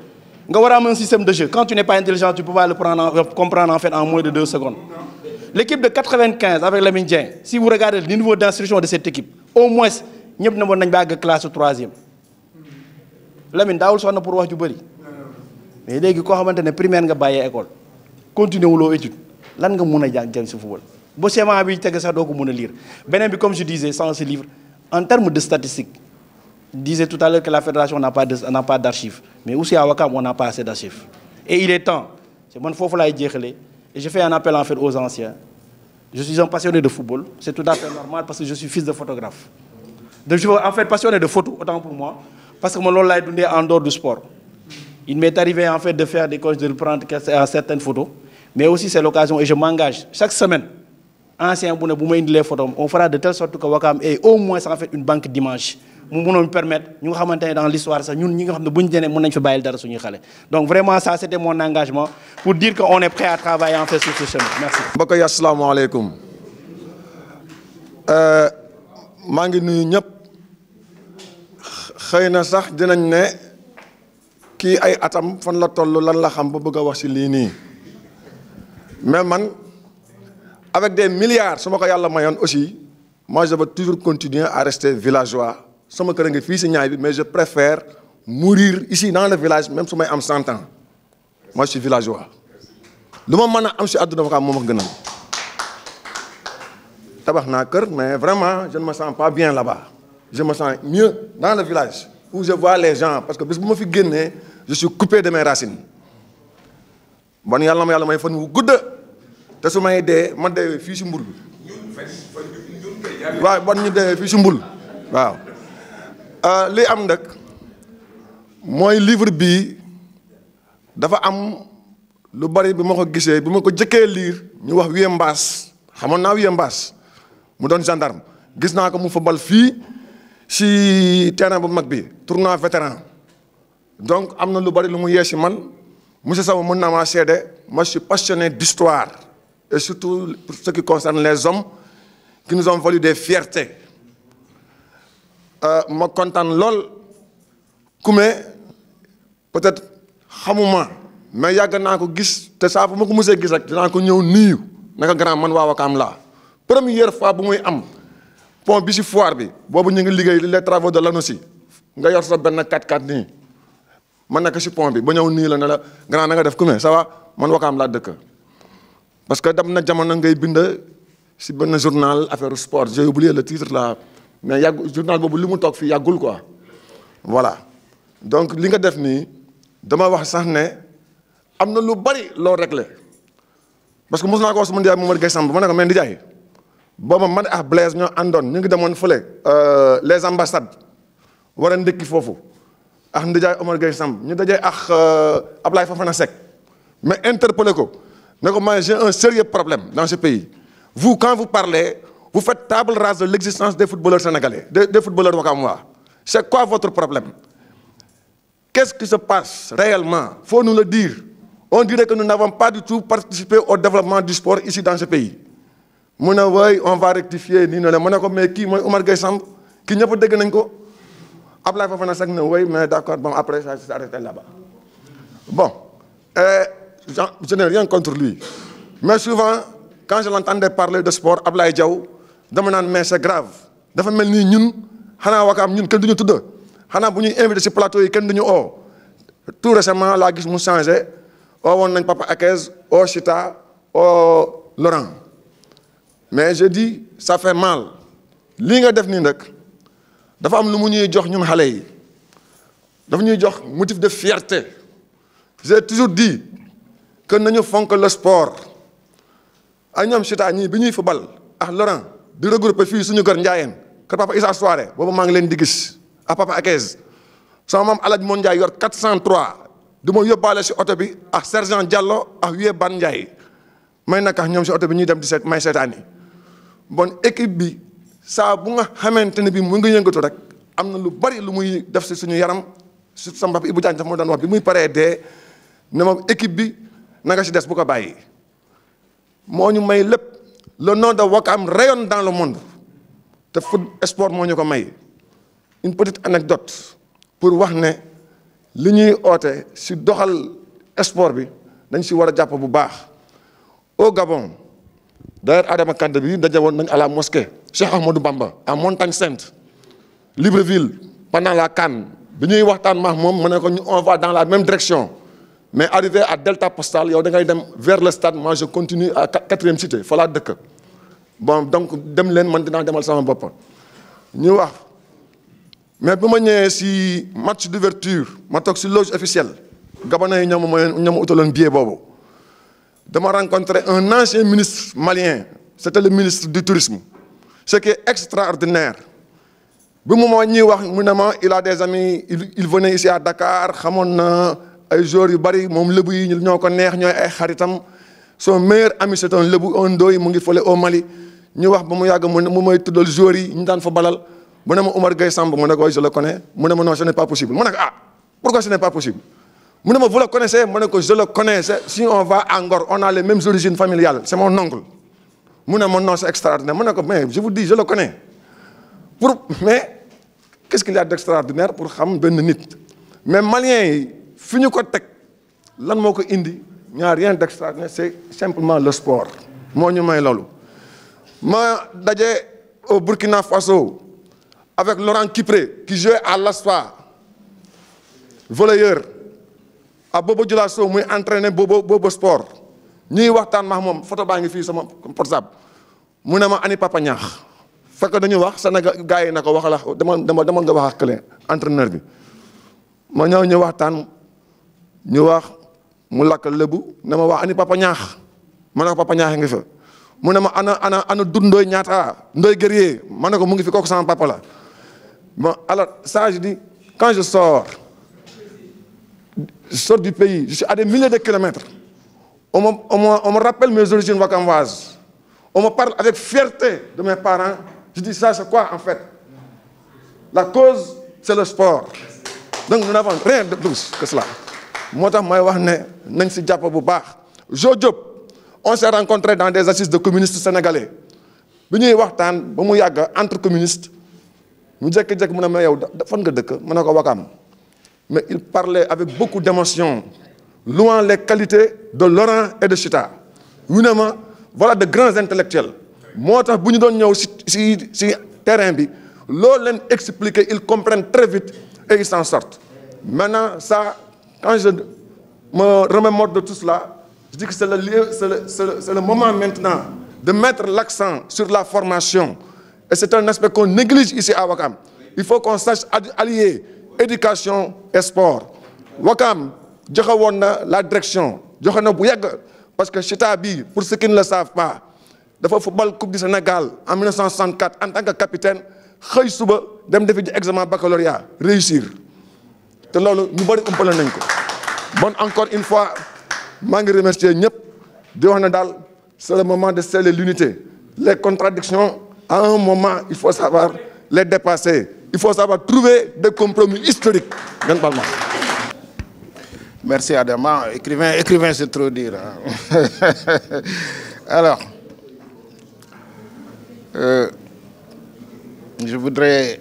nga wara un système de jeu quand tu n'es pas intelligent tu peux pas le prendre comprendre en fait en moins de deux secondes l'équipe de 95 avec Lamine Dieng si vous regardez le niveau d'instruction de cette équipe au moins ñëpp na moon nañ ba classe 3 troisième Lamine daawul sonna pour wax ju bari. mais légui ko xamantene primaire nga bàyyee école continuer wuloo étude lan nga mëna a jàng jàng le football Bo schéma bi tégg sax doo mëna lire Benen bi comme je disais sans ce livre en termes de statistiques je disais tout à l'heure que la fédération n'a pas n'a pas d'archives mais aussi à Wakam, on n'a pas assez d'archives. Et il est temps. C'est bonne fois dire Et je fais un appel en fait aux anciens. Je suis un passionné de football. C'est tout à fait normal parce que je suis fils de photographe. Donc, je suis en fait passionné de photos, autant pour moi, parce que mon là est donné en dehors du sport. Il m'est arrivé en fait de faire des coachs, de prendre euh, certaines photos, mais aussi c'est l'occasion et je m'engage chaque semaine. Ancien Bouné, les photos, on fera de telle sorte que Wakam ait au moins en fait une banque dimanche mu nous permettre ñu nga dans l'histoire ça ñun ñi nga xam ne bu ñu jëlee fi bàyyil dara donc vraiment ça c'était mon engagement pour dire que on est prêt à travailler en fait sur ce chemin merci. mbokk assalamu asalaamaaleykum euh, maa ngi nuyu ñep xeyna sax dinañ ne ki ay atam fan la tollu lan la xam ba bëgg wax ci li ni mais man avec des milliards sama ko yalla Mayon aussi moi je vais toujours continuer à rester villageois sama kër nga ngi fii si ñaay bi mais je préfère mourir ici dans le village même su may am 100 ans moi je suis villageois lu ma mën a am si àdduna fa moom ak gënal tabax naa kër mais vraiment je ne me sens pas bien là-bas je me sens mieux dans le village où je vois les gens parce que bis bu ma fi génnee je suis coupé de mes racines bon yàlla ma yàlla may fan wu gudd te su may dee ma dee fii si mbul waaw bon ñu dee fii si mbul waaw euh, li am nak moy livre bi, dafa am lu bari bima ko gisee bima ko jëkkee lire ñu wax Wiyé Mbaas xamoon naa Wiyé Mbaas mu don gendarme gis naa ko mu fa fi fii si terrain bu mag bi tournoi vétéran donc amna lu bari lu mu yee man monsieur sama mën naa maa moi je suis passionné d'histoire et surtout pour ce qui concerne les hommes qui nous ont valu des fiertés Euh, ma kontaan lol Coumé peut-être xamuma mais yàgg naa ko gis te sa bu mako ko gis rek dina ko ñew nuyu naka grand man wawa kam la première fois bu muy am pont bi ci foire bi bobu ñu ngi liggéey les travaux de l'ANOCI nga yor sa ben 4 4 ni man naka ci pont bi ba ñew nuyu la na la grand na nga def Coumé ça va man Wakaam la dëkk parce que dam na jamono ngay bind ci ben journal affaire sport j'ai oublié le titre là mais yàgg journal bobu li tok fi yagul quoi voilà donc li nga def ni dama wax sax ne amna lu bari lo régler parce que mos naa ko sama ndiyaay Momar Gueye Samb ma ne ko mais ndijaay booba man ah Blaise ñoo àndoon ñu ngi demoon euh les ambassades war ndekki fofu foofu ah ndijaay Omar Gueye Samb ñu dajay ak euh, ablay Fofana sek mais interpeller ko nako ko man j'ai un sérieux problème dans ce pays vous quand vous parlez vous faites table rase de l'existence des footballeurs sénégalais, des, footballeurs wakamwa. C'est quoi votre problème Qu'est-ce qui se passe réellement faut nous le dire. On dirait que nous n'avons pas du tout participé au développement du sport ici dans ce pays. on va rectifier. va rectifier. mais qui Omar on Qui n'a pas de Fofana Sak oui, mais d'accord, bon, après ça, s'arrête là-bas. Bon, euh, je n'ai rien contre lui. Mais souvent, quand je l'entendais parler de sport, Ablaye Diaw, mais c'est grave dafa mel ñun xanaa wakaam ñun kenn duñu tudd xanaa invité si plateau yi kenn duñu tout récemment la gis mu changé oo nañ Papa Akez oo Chita oo Laurent mais je dis ça fait mal lii nga def nii nag dafa am lu mu ñuy jox ñun xale ñuy jox motif de fierté j'ai toujours dit que nañu fonk le sport ak Chita football ak Laurent di regroupé fi suñu kër njaayeen ke papa isa Soare bobu maa ngi leen di gis a papa Akez sama mam Alaaji mon Njaay yor 403 duma yobale ci auto bi ak sergent Diallo ak Wiyee Ban Njaay may nakax ñom ci auto bi ñuy dem di seet may seetaani bon équipe bi sa bu nga xamantene bi mu nga yëngatu rek amna lu bari lu muy def ci suñu yaram ci sama bab Ibou tiane sax moo daan wax bi muy paré dé ne moom équipe bi nga ci dess bu ko bayyi moo ñu may lepp le nom de Wakam rayonne dans le monde te foot sport moo ñu ko may une petite anecdote pour wax ne li ñuy oote si doxal sport bi dañ si war a bu au Gabon d'ailleurs Adama Kandé bi daje woon nañ à la mosquée Cheikh Ahmadou Bamba à Montagne Sainte Libreville pendant la CAN bi ñuy dit que nous on va dans la même direction mais arrivé à Delta Postal yow da ngay dem vers le stade moi je continue à quatrième cité faut la dëkk bon donc dem len man dina demal sama bop ñu wax mais bu ma ci si match d'ouverture ma tok ci loge officielle gabonais yi ñom mooy ñoom billet boobu dama rencontré un ancien ministre malien c'était le ministre du tourisme ce qui est extraordinaire bi mu ñi wax mu ne ma il a des amis il venait ici à Dakar xamoon na ay joueurs yu bari mom lebu yi ñoo neex ñoy ay xaritam son meilleur ami c'est un lebu on doy mu ngi fële au Mali ñu wax ba mu yàgg mu mu may tuddal joueurs yi ñu daan fa balal mu ne ma Oumar Gueye Samb mu ne ko je le connais mu ne ma non ce pas possible mu ah pourquoi ce n'est pas possible mu ne vous le connaissez mu ko je le connais si on va à Ngor on a les mêmes origines familiales c'est mon oncle mu ne non c'est extraordinaire mu ko mais je vous dis je le connais pour mais qu'est-ce qu'il y a d'extraordinaire pour xam benn nit mais Malien, yi fi ñu ko teg lan moo ko indi ñaar rien d'extraordinaire c'est simplement le sport moo ñu may loolu ma daje au Burkina Faso avec Laurent Kipré qui jouait à l'Aspa, voleur. à Bobo Dioula Sow muy entraîné Bobo Bobo Sport ñuy waxtaan max photo baa fi sama portable Mune ma ani papa ñaax fekk dañu wax Sénégal gars yi na ko waxala dama dama dama nga wax ak entraîneur bi ma ñaw ñu waxtan ñu wax mu lakk lebu nama wax ani papa ñaax ma ne papa ñaax nga fa mu ma ana ana ana dund ndooy ñaata guerrier ma ko mu ngi fi sama papa la alors ça je dis quand je sors je sors du pays je suis à des milliers de kilomètres on me, on on me rappelle mes origines wakamwazes on me parle avec fierté de mes parents je dis ça c'est quoi en fait la cause c'est le sport donc nous n'avons rien de plus que cela motax ma may wax ne nañ si jàpp bu baax on s'est rencontrés dans des assises de communistes sénégalais bi a waxtaan entre communistes nous jékki dit qu'il ne avait yow de nga mais il parlait avec beaucoup d'émotion louant les qualités de Laurent et de Chita voilà de grands intellectuels Moi, tax bu ñu doon ñëw terrain bi ils comprennent très vite et ils s'en sortent maintenant ça quand je me remémore de tout cela je dis que c'est le, moment maintenant de mettre l'accent sur la formation. Et c'est un aspect qu'on néglige ici à Wakam. Il faut qu'on sache allier éducation et sport. Wakam, la direction. Parce que Chitabi, pour ceux qui ne le savent pas, il football Coupe du Sénégal en 1964 en tant que capitaine. xëy dem defi un examen baccalauréat réussir C'est ce ñu nous avons bon encore une fois mangri remercier di c'est le moment de sceller l'unité les contradictions à un moment il faut savoir les dépasser il faut savoir trouver des compromis historiques merci Adama écrivain écrivain c'est trop dire hein. alors euh, je voudrais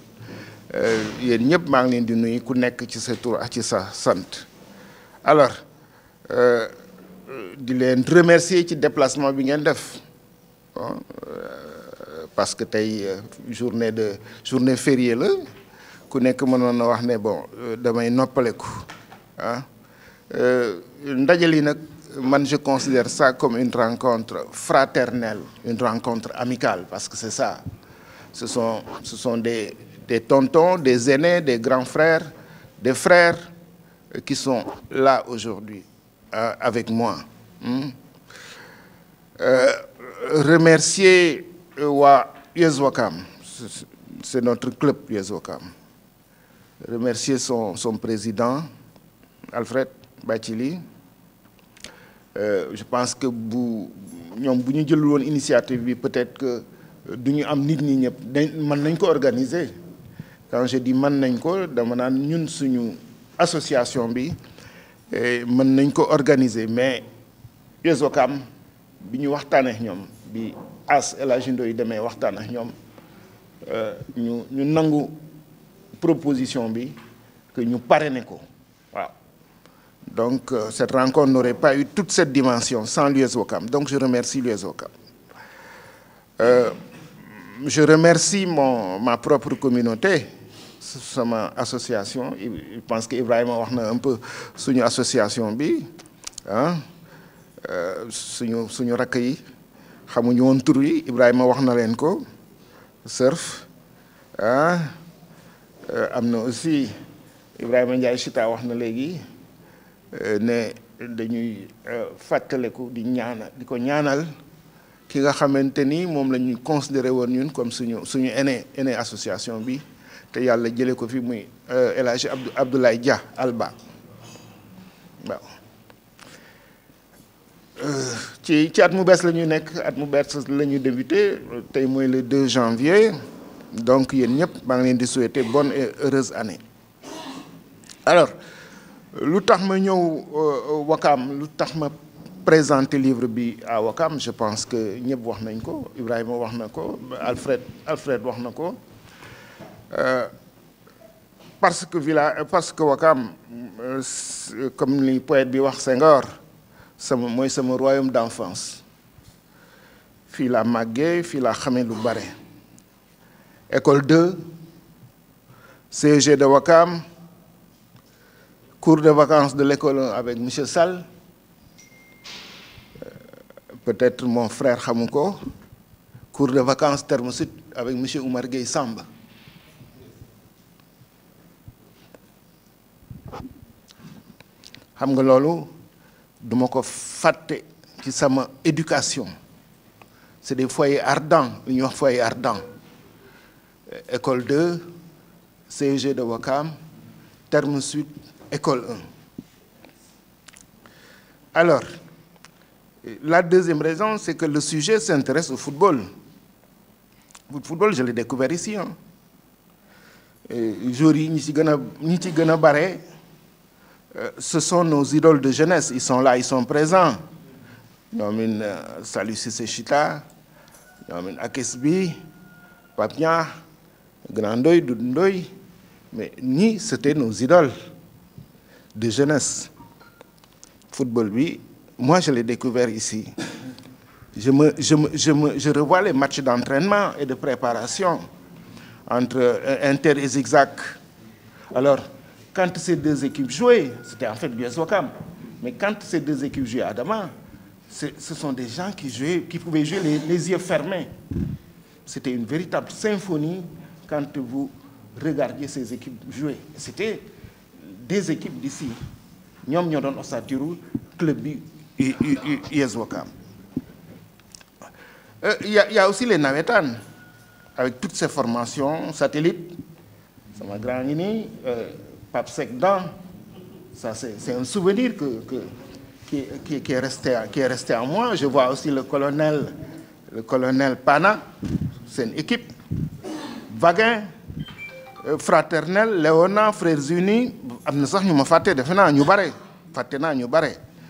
Euh, yéen ñëpp maa ngi leen di nuyu ku nekk ci sa tour ak ci sa sant alors euh, di leen remercier ci déplacement bi ngeen def hein, euh, parce que tey journée de journée fériée la ku nekk mënoon na wax ne bon damay noppaleku ah hein, ndajal yi nag man je considère ça comme une rencontre fraternelle une rencontre amicale parce que c'est ça ce sont ce sont des des tontons, des aînés, des grands frères, des frères euh, qui sont là aujourd'hui euh, avec moi. Hmm. Euh, remercier c'est notre club Yezwakam. Remercier son, président, Alfred Bachili. je pense que vous, nous avons une initiative peut-être que nous avons organisé quand je dis mën nous, ko dama association bi eh, nous nañ ko mais les bi ñu bi as eh, nangu proposition que ñu ko donc euh, cette rencontre n'aurait pas eu toute cette dimension sans l'USOCAM donc je remercie l'USOCAM euh, je remercie ma propre communauté sama association je pense que Ibrahima wax un peu suñu association bi ah suñu suñu rak yi xamuñu woon tour yi Ibrahima wax na leen ko surf hein euh, am na aussi Ibrahima Ndiaye Chita wax na léegi euh, né dañuy ko di ñaanal di ko ñaanal ki nga xamanteni mom lañu considérer ñuy ñun comme suñu suñu aîné aîné association bi te yalla jëlee ko fi muy euh, El Hadj Abdoulaye Dia Alba waaw euh, ci ci at mu bees lañu nek at mu bees lañu débuter tay moy le 2 janvier donc yeen ñep maa ngi leen di souhaiter bonne et heureuse année alors lu tax ma ñew euh, wakam lu tax ma présenter livre bi à wakam je pense que ñep wax nañ ko Ibrahima wax na ko Alfred Alfred wax na ko. Euh, parce que villa euh, parce que Wakam euh, comme le poète bi Senghor mon mon royaume d'enfance Fila laa Fila fil Baré. école 2 CEG de Wakam cours de vacances de l'école avec M. Sall peut-être mon frère Khamouko, cours de vacances Terme avec M. Oumar Samba xam nga loolu duma éducation c'est des foyers ardents lu ñuy wax foyer ardent euh, école 2 CEG de Wakam terme sud école 1 alors la deuxième raison c'est que le sujet s'intéresse au football le football je l'ai découvert ici hein. euh, Jury, ci euh, ce sont nos idoles de jeunesse. Ils sont là, ils sont présents. Nomin euh, Salut Sissechita, Nomin Akesbi, Papia, Grandoy, Doudoy. Mais ni c'était nos idoles de jeunesse. Football, Moi, je l'ai découvert ici. Je, je, me, je, me, je revois les matchs d'entraînement et de préparation entre euh, Inter et Zigzag. Alors, quand ces deux équipes jouaient, c'était en fait du Wakam, mais quand ces deux équipes jouaient à Dama, ce sont des gens qui, jouaient, qui pouvaient jouer les, yeux fermés. C'était une véritable symphonie quand vous regardiez ces équipes jouer. C'était des équipes d'ici. Nyom ñoo club Il euh, y, a aussi les Navetans, avec toutes ces formations satellites. Ça m'a Pape Secdan, ça c'est un souvenir qui, est resté, à moi. Je vois aussi le colonel, le colonel Pana, c'est une équipe. Vaguin, euh, Fraternel, Léona, Frères Unis,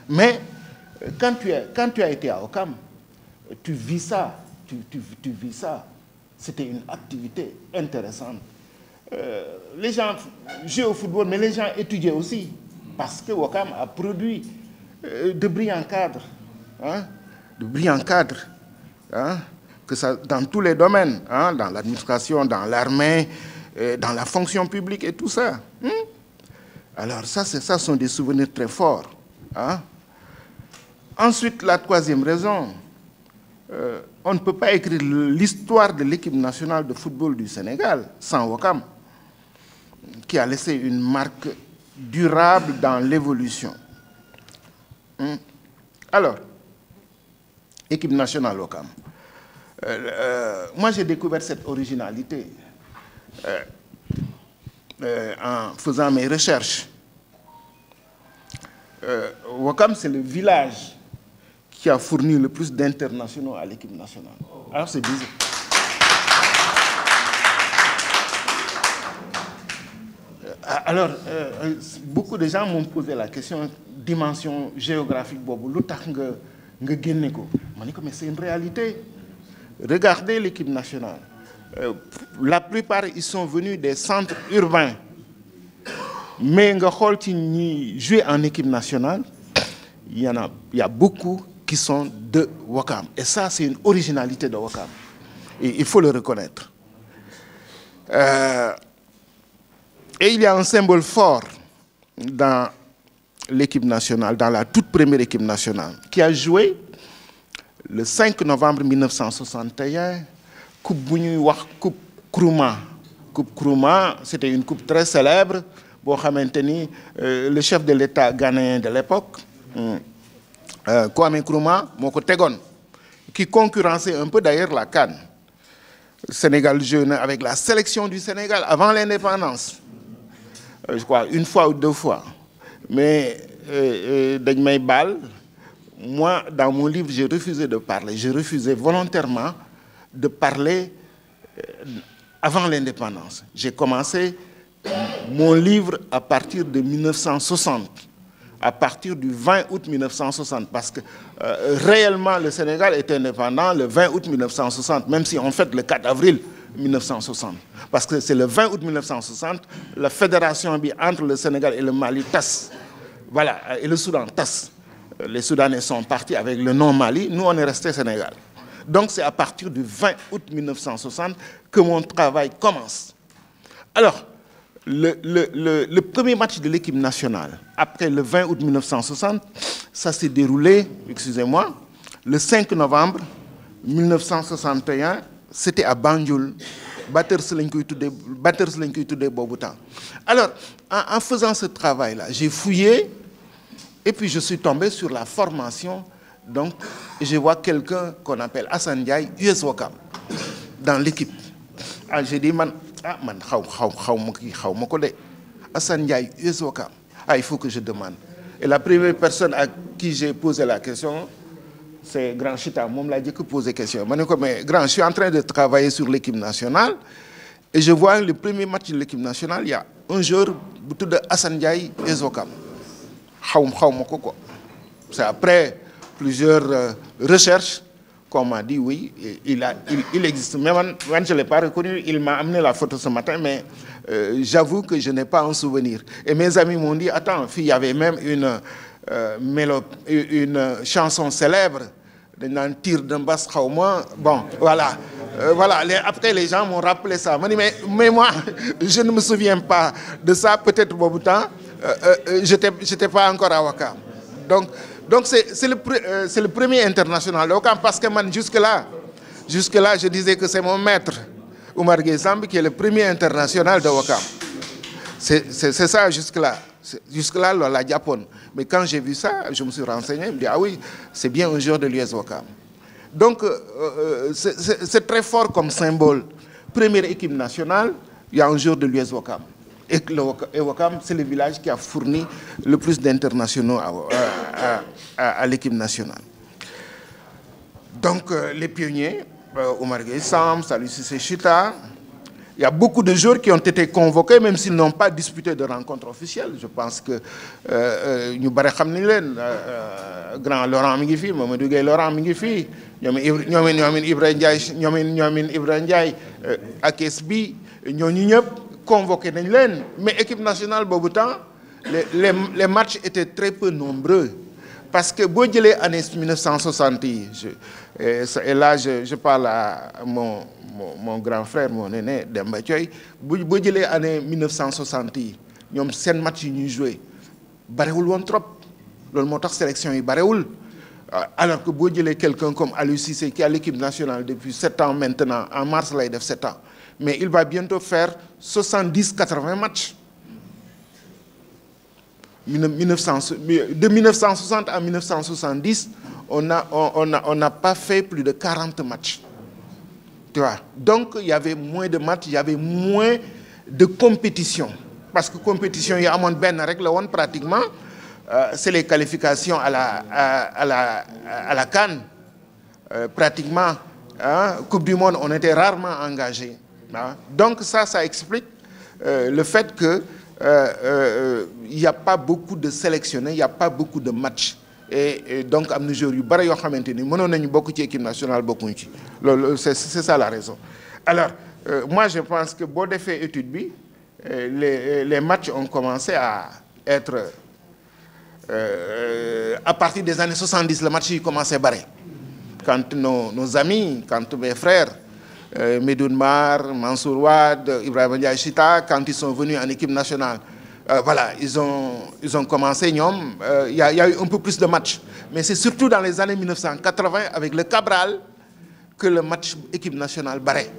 mais euh, quand tu, es, quand tu as été à Ocam, tu vis ça, tu vis ça. C'était une activité intéressante. Euh, les gens jouent au football, mais les gens étudiaient aussi. Parce que Wakam a produit euh, de brillants cadres. Hein. de brillants cadres. Hein. que ça, dans tous les domaines, hein. dans l'administration, dans l'armée, euh, dans la fonction publique et tout ça. Alors ça, ça sont des souvenirs très forts. Ensuite, la troisième raison, on ne peut pas écrire l'histoire de l'équipe nationale de football du Sénégal sans Wakam qui a laissé une marque durable dans l'évolution. Hmm. Alors, équipe nationale au euh, euh, moi, j'ai découvert cette originalité euh, en faisant mes recherches. Wakam, c'est le village qui a fourni le plus d'internationaux à l'équipe nationale. Alors, c'est bizarre. Ah, alors, euh, euh, beaucoup de gens m'ont posé la question dimension géographique bobu me je nga mais c'est une réalité regardez l'équipe nationale euh, la plupart ils sont venus des centres urbains mais quand ils jouent en équipe nationale il y en a il y a beaucoup qui sont de Wakam et ça c'est une originalité de Wakam et il faut le reconnaître euh, et il y a un symbole fort dans l'équipe nationale, dans la toute première équipe nationale, qui a joué le 5 novembre 1961, Coupe Bounioua, Coupe Krouma. Coupe Krouma, c'était une coupe très célèbre. maintenir euh, le chef de l'État ghanéen de l'époque, hum, euh, Kwame Krouma, Moko qui concurrençait un peu d'ailleurs la Cannes. Sénégal jeune avec la sélection du Sénégal avant l'indépendance. Euh, je crois, une fois ou deux fois. Mais euh, euh moi, dans mon livre, j'ai refusé de parler. J'ai refusé volontairement de parler euh, avant l'indépendance. J'ai commencé mon livre à partir de 1960, à partir du 20 août 1960, parce que réellement le Sénégal est indépendant le 20 août 1960, même si en fait le 4 avril 1960 parce que c'est le 20 août 1960 la fédération entre le Sénégal et le Mali tasse. voilà et le Soudan tasse. Euh, les Soudanais sont partis avec le nom Mali nous on est resté Sénégal donc c'est à partir du 20 août 1960 que mon travail commence alors le, le, le premier match de l'équipe nationale après le 20 août 1960 ça s'est déroulé excusez-moi le 5 novembre 1961 c'était à Banjul Batters lañ koy alors en, faisant ce travail là j'ai fouillé et puis je suis tombé sur la formation donc je vois quelqu'un qu'on appelle Hassan Diaye, US dans l'équipe Alors, ah, j'ai dit man ah man xaw xaw xaw ah il faut que je demande et la première personne à qui j'ai posé la question c'est Grand Chita je dit que poser question Je mais Grand je suis en train de travailler sur l'équipe nationale et je vois le premier match de l'équipe nationale il y a un jour, tout de Hassan Ndiaye Ezokam c'est après plusieurs euh, recherches qu'on m'a dit oui il a il, existe mais quand je l'ai pas reconnu il m'a amené la photo ce matin mais euh, j'avoue que je n'ai pas un souvenir et mes amis m'ont dit attends il y avait même une euh, une chanson célèbre d'un tir de basse bon voilà euh, voilà les après les gens m'ont rappelé ça mais mais moi je ne me souviens pas de ça peut-être de temps euh, j'étais pas encore à Wakam. donc donc c'est le premier international de Wakam parce que jusque-là jusque-là je disais que c'est mon maître Oumar Ghezambi, qui est le premier international de Wakam. c'est ça jusque-là jusque-là la la mais quand j'ai vu ça, je me suis renseigné, je me dis, ah oui, c'est bien un jour de l'US Wakam. Donc, euh, euh, c'est très fort comme symbole. Première équipe nationale, il y a un jour de l'US Wakam. Et, c'est le village qui a fourni le plus d'internationaux à, l'équipe nationale. Donc, euh, les pionniers, Omar Gaysam, Salut Sissé Chita, il y a beaucoup de joueurs qui ont été convoqués, même s'ils n'ont pas disputé de rencontre officielle. Je pense que euh, euh, nous euh, euh, grand Laurent Mingifi, Mamadou Laurent Mingifi, Ibrahim Ndiaye, Akesbi, nous avons convoqué. Mais l'équipe nationale, Bobutan, les, les, matchs étaient très peu nombreux. Parce que si en 1960, et là je parle à mon mon grand frère mon aîné Demba Thioy bu ba 1960, année 1960 yi ñoom matchs. match yi ñuy joué barewul woon trop loolu moo tax sélection yi barewul euh, alors que boo est quelqu'un comme Aliou Cissé qui à l'équipe nationale depuis 7 ans maintenant en mars lay def 7 ans mais il va bientôt faire 70-80 matchs de 1960 à 1970 on n'a pas fait plus de 40 matchs donc, il y avait moins de matchs, il y avait moins de compétition. Parce que compétition, il y a moins ben règle pratiquement. Euh, c'est les qualifications à la, à, à Cannes, euh, pratiquement. Hein, Coupe du Monde, on était rarement engagé. Hein. Donc ça, ça explique euh, le fait qu'il n'y a pas beaucoup de sélectionnés, il n'y a pas beaucoup de matchs et donc am na yu équipe nationale c'est c'est ça la raison alors euh, moi je pense que bon effet, étude euh, euh, les matchs ont commencé à être à partir des années 70 le match ont commencé barrer. quand nos amis quand mes frères euh, Medoune Mar Mansour Ibrahim Ndiaye Chita quand ils sont venus en équipe nationale euh, voilà, ils ont, ils ont commencé, il euh, y, a eu un peu plus de matchs. Mais c'est surtout dans les années 1980, avec le Cabral, que le match équipe nationale barrait,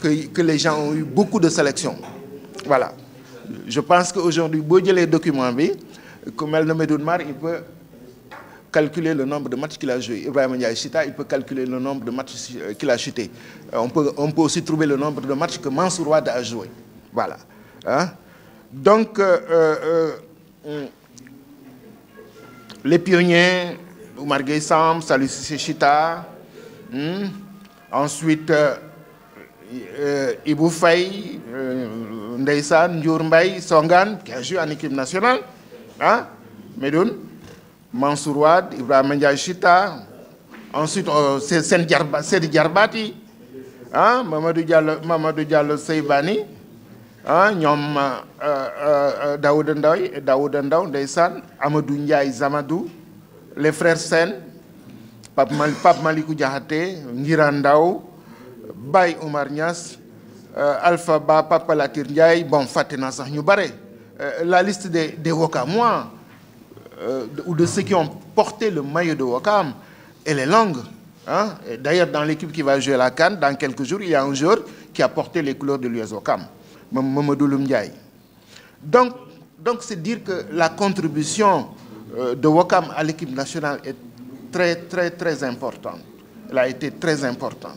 que, que les gens ont eu beaucoup de sélections. Voilà. Je pense qu'aujourd'hui, si les documents, comme El Medounmar, il peut calculer le nombre de matchs qu'il a joué. Ibrahim il peut calculer le nombre de matchs euh, qu'il a chuté. On peut, on peut aussi trouver le nombre de matchs que Mansour Wade a joué. Voilà. Hein? Donc, euh, euh, mm, les pionniers, Oumar Gaysam, Salus Sechita, mm, ensuite euh, euh, Ibou Faye, Ndeysan, Songan, qui a joué en équipe nationale, hein? Medoun, Mansour Wad, Ibrahim Ndiachita, ensuite c'est Sedi hein, Mamadou Diallo, Mamadou ah ñoom euh, euh, euh, Daouda Ndoye Daouda Amadou Ndiaye Zamadou les frères Sène Pape Mal Pape Malikou Diahate Ngiran Ndaw Baye Omar Niass Alpha Ba Papa Latir Ndiaye bon Fatina sax ñu la liste des des Wakamois ou de ceux qui ont porté le maillot de Wakam elle est longue hein d'ailleurs dans l'équipe qui va jouer la Cannes dans quelques jours il y a un joueur qui a porté les couleurs de l'US Wakam donc, donc c'est dire que la contribution euh, de Wakam à l'équipe nationale est très, très, très importante. Elle a été très importante.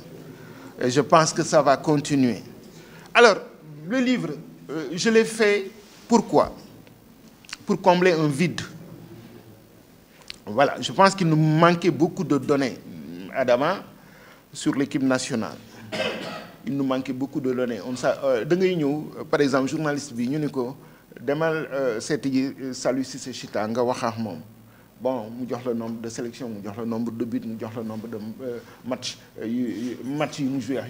Et je pense que ça va continuer. Alors, le livre, euh, je l'ai fait pourquoi Pour combler un vide. Voilà, je pense qu'il nous manquait beaucoup de données, Adam, sur l'équipe nationale il nous manquait beaucoup de données on euh, par exemple journaliste bi ñu ni ko demal euh, seeti ji euh, Cissé Chita wax ak bon mu jox le nombre de sélections, mu jox le nombre de buts mu jox le nombre de matchs matchs match yu à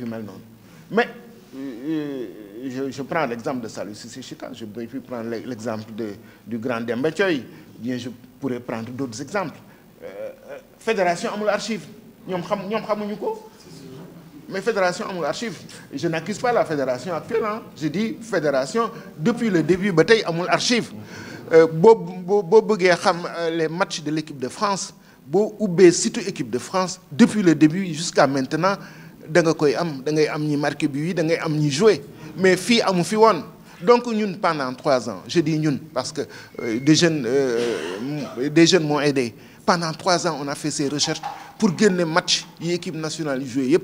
mais je prends l'exemple de Saliou Cissé Chita je peux prendre l'exemple du grand Demba bien je pourrais prendre d'autres exemples fédération amul archive nous ne ñoom xamuñu ko mais fédération mon archive je n'accuse pas la fédération actuelle hein. je dis fédération depuis le début ba mon archive Si euh, vous euh, les matchs de l'équipe de France Bob oubé équipe de France depuis le début jusqu'à maintenant da nga am am marqué bi joué mais fi fi donc pendant trois ans je dis nous, parce que euh, des jeunes des jeunes m'ont aidé pendant trois ans on a fait ces recherches pour les matchs de l'équipe nationale jouer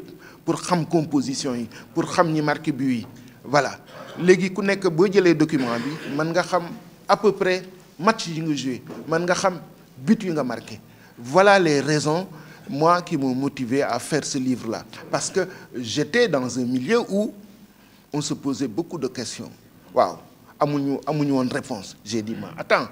pour xam composition pour xam ñi marqué but voilà légui ku nekk bo les document bi à peu près match yi joué nga xam but marqué voilà les raisons moi qui m'ont motivé à faire ce livre là parce que j'étais dans un milieu où on se posait beaucoup de questions waouh amuñu amuñu une réponse j'ai dit attends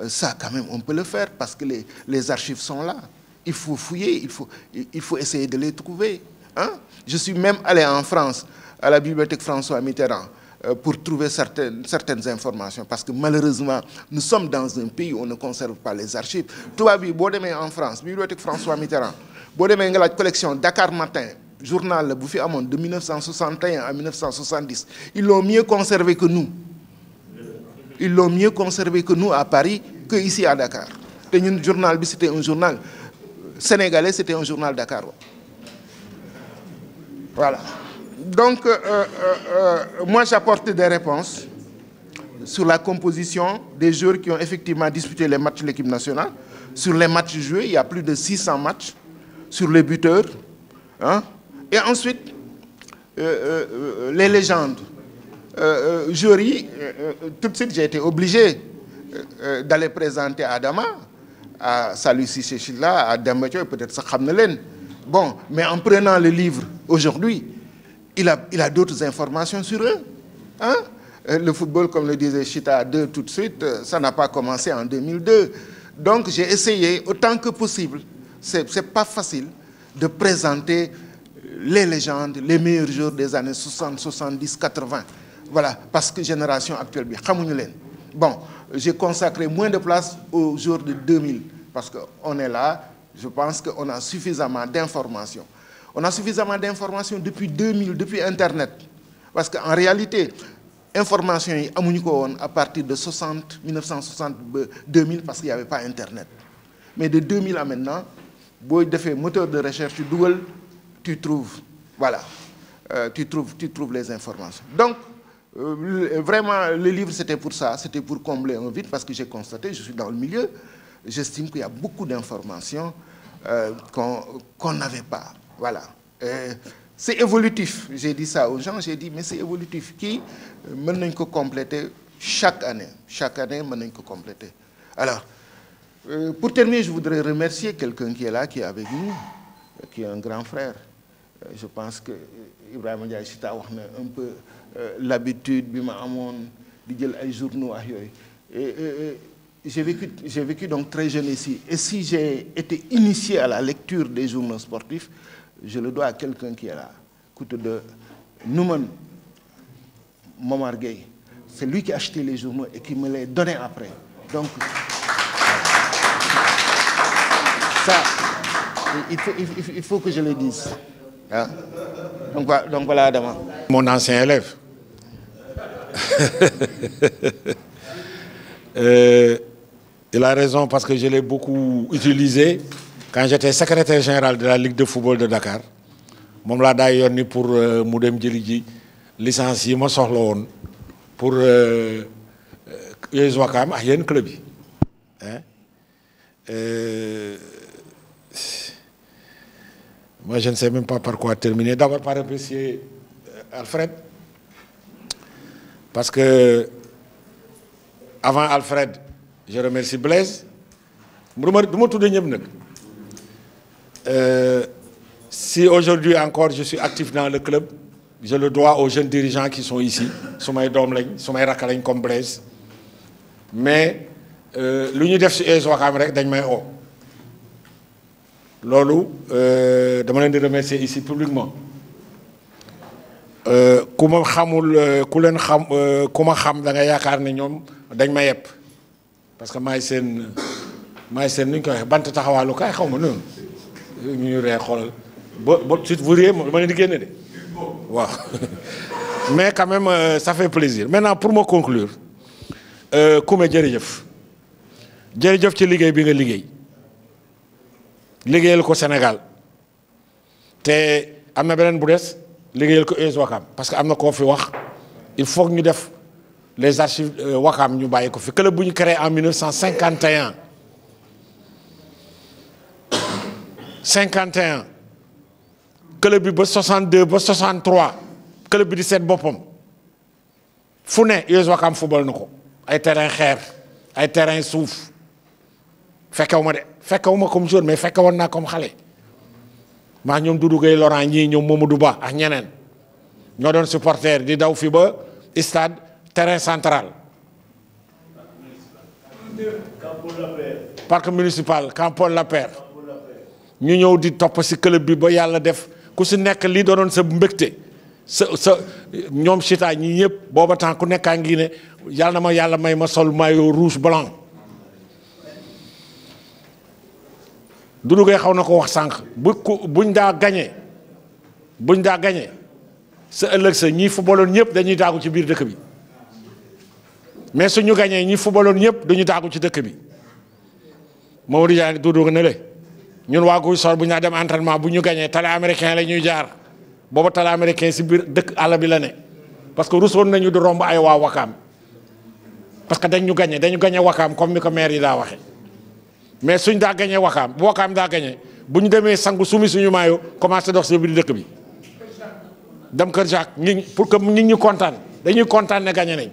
euh, ça quand même on peut le faire parce que les les archives sont là il faut fouiller il faut il faut essayer de les trouver hein je suis même allé en France, à la bibliothèque François Mitterrand, euh, pour trouver certaines, informations. Parce que malheureusement, nous sommes dans un pays où on ne conserve pas les archives. Tout va en France, bibliothèque François Mitterrand, la collection Dakar Matin, journal de 1961 à 1970, ils l'ont mieux conservé que nous. Ils l'ont mieux conservé que nous à Paris que ici à Dakar. c'était un journal sénégalais, c'était un journal Dakar. Voilà. Donc, euh, euh, euh, moi, j'apporte des réponses sur la composition des joueurs qui ont effectivement disputé les matchs de l'équipe nationale. Sur les matchs joués, il y a plus de 600 matchs. Sur les buteurs. Hein. Et ensuite, les légendes. jury, tout de suite, j'ai été obligé d'aller présenter à Adama, à Salusi Chechila, à et peut-être Sakhamnelen. Bon, mais en prenant le livre aujourd'hui, il a, il a d'autres informations sur eux. Hein? Euh, le football, comme le disait Chita 2 tout de suite, euh, ça n'a pas commencé en 2002. Donc j'ai essayé autant que possible, ce n'est pas facile, de présenter les légendes, les meilleurs jours des années 60, 70, 80. Voilà, parce que génération actuelle, bon, j'ai consacré moins de place aux jours de 2000, parce qu'on est là, je pense qu'on a suffisamment d'informations. On a suffisamment d'informations depuis 2000, depuis Internet. Parce qu'en réalité, information à partir de 60, 1960, 2000, parce qu'il n'y avait pas Internet. Mais de 2000 à maintenant, si tu fais moteur de recherche, tu tu trouves. Voilà. Euh, tu, trouves, tu trouves les informations. Donc, euh, vraiment, le livre, c'était pour ça. C'était pour combler un vide, parce que j'ai constaté, je suis dans le milieu, j'estime qu'il y a beaucoup d'informations euh, qu'on n'avait pas. Voilà. Euh, c'est évolutif. J'ai dit ça aux gens, j'ai dit, mais c'est évolutif. Qui euh, maintenant que compléter chaque année. Chaque année, maintenant que compléter. Alors, pour terminer, je voudrais remercier quelqu'un qui est là, qui est avec nous, qui est un grand frère. Je pense que Ibrahim a un peu l'habitude, il m'a des journaux. et, et, j'ai vécu, donc très jeune ici. Et si j'ai été initié à la lecture des journaux sportifs, je le dois à quelqu'un qui est là, écoute de Nouman marguer C'est lui qui a acheté les journaux et qui me les donnait après. Donc, ça, il faut, que je le dise. Hein. Donc, voilà, Adam. Mon ancien élève. euh... Il a raison parce que je l'ai beaucoup utilisé quand j'étais secrétaire général de la Ligue de football de Dakar. Je l'ai ni pour euh, Moudem dem licencié pour les euh, euh, club hein. moi je ne sais même pas par quoi terminer d'abord par apprécier Alfred parce que avant Alfred je remercie Blaise du ma du euh, si aujourd'hui encore je suis actif dans le club je le dois aux jeunes dirigeants qui sont ici su may doom lañ su may comme Blaise mais euh, lu ñu def si ES Ouakam rek dañ may de euh, dama remercier ici publiquement comment ma xamul ku comment xam ku ma xam da nga dañ parce que maay seen maay seen nu ñu koy waxee bant taxawaalu kaay xaw ma noonu ñu ñu ree xoolal ba ba suite vous riez ma leen di génne de waaw mais quand même euh, ça fait plaisir maintenant pour ma conclure euh, Koumé jërëjëf jërëjëf ci liggéey bi nga liggéey liggéeyal ko Sénégal te am na beneen bu des liggéeyal ko US parce que am na koo fi wax il faut ñu def les archives euh, Wakam ñu bàyyi Que fi club bu créé en 1951 51 club le ba 62 ba 63 club bi di seet boppam fu ne US Wakam football na ko ay terrain xeer ay terrain suuf fekkewu ma de fekkewu ma comme joueur mais fekke woon naa comme xale Mais ñoom Doudou gay Laurent ñii ñoom Mamadou Ba ak ñeneen ñoo doon supporter di daw fi ba stade terrain central parc municipal Campo Lapeyre ñu ñëw di topp ci club bi ba yàlla def ku ci nekk li doonoon sa mbëgte sa ñoom Chita ñi ñëpp booba temps ku nekkaa ngi ne yàlla na ma yàlla may ma sol maillot rouge blanc Doudou Gueye xaw na ko wax sànq bu ku buñ daa gañee buñ daa gañee sa ëllëg sa ñii footballoon ñëpp dañuy daagu ci biir dëkk bi mais suñu gañee ñi fubaloon ñëpp duñu taagu ci dëkk bi Mamadou Dia duudu na le ñun waa Guy bu ñu dem entraînement bu ñu gañee tala américain la ñuy jaar booba tala américain si biir dëkk àll bi la ne parce que rusoon nañu di romb ay waa Wakaam parce que dañ ñu gañe dañu gañe Wakaam comme ni ko maire yi daa waxe mais suñ daa gañee Wakaam bu Wakaam daa gañee bu ñu demee sangu sumi suñu maayo commencé dox si biir dëkk bi dem Kër Jacques ñi nit ñi kontaan dañuy kontaan ne gañe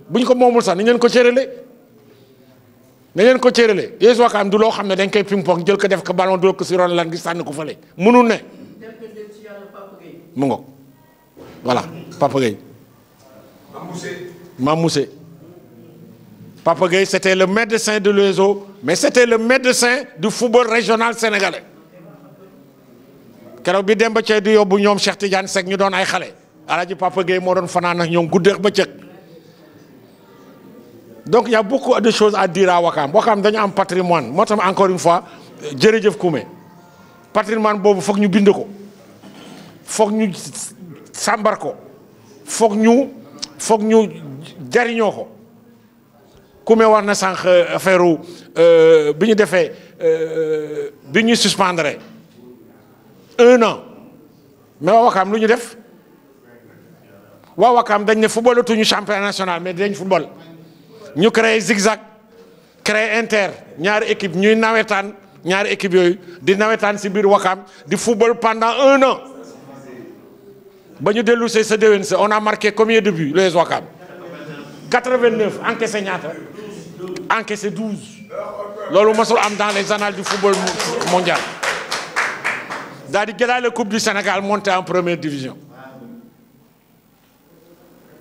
buñ ko moomul sax nañ leen ko cëralee nañ leen ko cëralee yooyu soo du loo xam ne dañ koy ping pong jël ko def ko ballon dóor ko si ron lan gi sànni ko fële mënul ne. mu ngoog voilà Papa Gueye. Mame Moussé Papa Gueye c' était le médecin de l'USO mais c' était le médecin du football régional sénégalais keroog bi Demba Thiaw di yóbbu ñoom Cheikh Tidiane Seck ñu doon ay xale. Alaaji Papa Gueye moo doon fanaan ak ñoom guddeex bëccëg. donc yaa a beaucoup de choses à dire à Wakam Wakam dañu am patrimoine moo tax encore une fois jërëjëf Koumé patrimoine boobu foog ñu bind ko foog ñu sàmbar ko foog ñu foog ñu jariñoo ko Koumé wax na sànq euh, affaire euh, bi ñu defee euh, bi ñu suspendre un an mais waa Wakam lu ñu def waa Wakam dañ ne footballatuñu championnat national mais dañ football. Nous créé zigzag créé inter nous équipe ñuy équipe nous di si football pendant un an ba nous on a marqué combien de buts les Wakam 89 encaissé encaissé 12 am dans les annales du football mondial d'ailleurs di coupe du Sénégal monté en première division.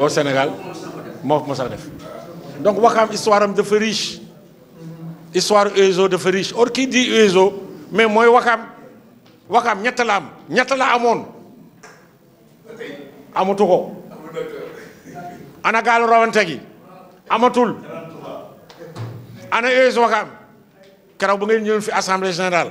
au Sénégal donc Wakam, histoire de feriche histoire Ezo de feriche or qui dit Ezo mais moi Wakam Wakam, ñett Nyatala Amon ana Ezo assemblée générale.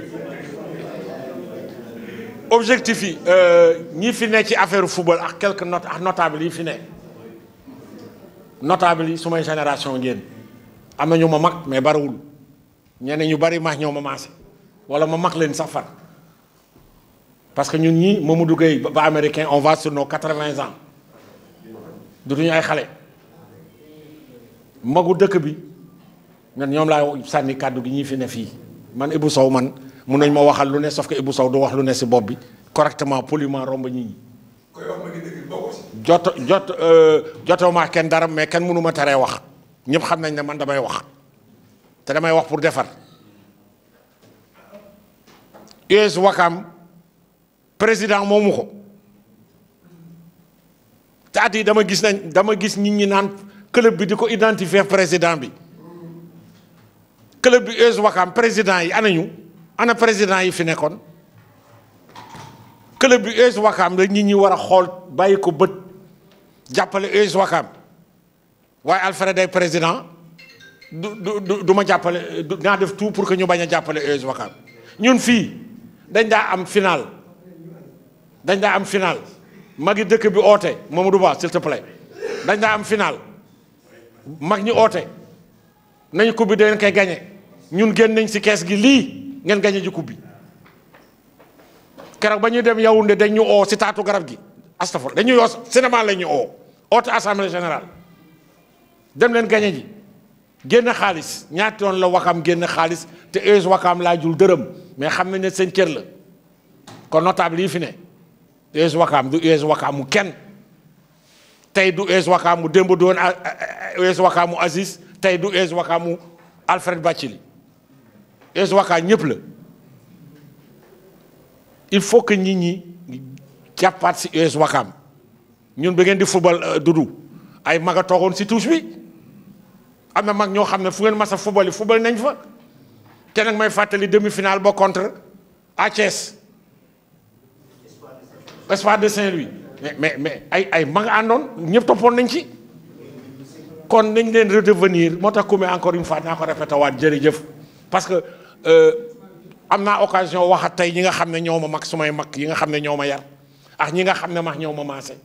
objectif yi euh, ñi fi ne ci affaire football ak quelques not ak notables yi fi ne notables sumay génération ngeen am na ma mag mais bariwul ñeneen ñu bari ma ñoo ma maase wala ma mag leen sax far parce que ñun ñi Mamadou Gueye ba américain on va sur nos quatre-vingts ans dutuñu ay xale magu dëkk bi ñun ñoom laay sànni kàddu gi ñi fi ne man Ibou Sow man. mun nañ ma waxal lu ne sauf que Ibou Sow du wax lu ne si bopp bi correctement poliment romb ñi ñi jot jot euh, jotoo maa kenn dara mais kenn mënu ma teree wax ñëpp xam nañ ne man damay wax te damay wax pour defar US Wakaam président moomu ko te at dama gis nañ dama gis nit ñi naan club bi di ko identifier président bi club bi US Wakaam président yi anañu ana président yi fi nekkoon club bi US Ouakam la nit ñi war a xool bàyyi ko bët jàppale US Ouakam waaye Alfred day président du du du ma jàppale naa def tout pour que ñu bañ a jàppale US Ouakam ñun fii dañ daa am final dañ daa am final mag yi dëkk bi oote Mamadou Ba s'il te dañ daa am final mag ñi oote nañ ko bi dañ koy gagné ñun génn nañ ci kees gi lii. ngeen gañe ji coupe bi keroog ba ñuy dem Yaoundé dañ ñu oo si taatu garab gi astafur dañu yoo cinéma la ñu oo oote assemblée générale dem leen gañe ji génn xaalis ñaati yoon la Wakam génn xaalis te euse Wakam laajul dërëm mais xam nañ ne seen cër la kon notable yi fi ne euse Wakam du euse Wakam kenn tey du euse Wakam mu démb doon euse Wakam mu tey du euse Wakam mu Alfred Bacili Waka il faut que nous ñi jàppaat si Yosu Nous, ñun football euh, dudu ay maga togon touche bi amna mag ñoo fu ngeen football football nañ fa té nak may demi-finale ba contre à Espoir de Saint-Louis mais mais mais ay ay mag ñepp nañ ci kon nañ leen redevenir motax encore une fois parce que Euh, am naa occasion wax ak tey ñi nga xam ne ñoo ma mag sumay mag yi nga xam ne ñoo ma yar ak ñi nga xam ne max ñoo ma maase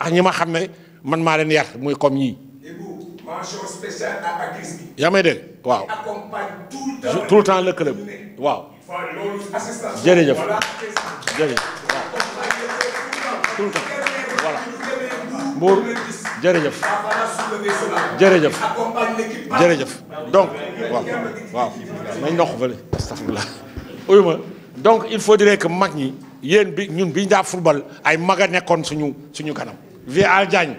ak ñi ma xam ne man maa leen yar muy comme ñii. mention spéciale waaw. tout le temps tout le temps le waaw. jërëjëf jërëjëf waaw tout donc waaw. nañ la wax fële astafurlah donc il faudrait que Magni, ñi bi ñun biñ da football ay maga a suñu suñu kanam. al Diagne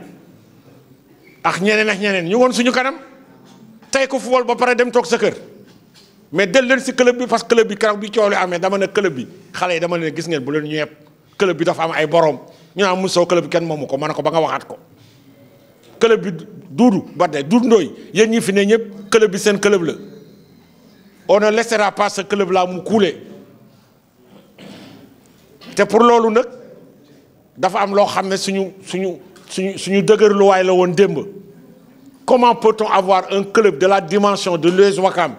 ak ñeneen ak ñeneen ñu won suñu kanam Tay ko football ba paré dem tok sa kër mais del leen si club bi parce que club bi keroog bi coow amé dama ne club bi xalé dama ne gis ngeen bu leen ñëwee club bi dafa am ay borom ñu am musso club ken momu ko ma ko ba nga waxat ko. club bi dudu ba tey duudu ndooy yéen ñi fi né ñëpp club bi seen club la on ne laissera pas ce club-là couler C'est pour cela que dafa am loo xam suñu comment peut-on avoir un club de la dimension de l'US Wakam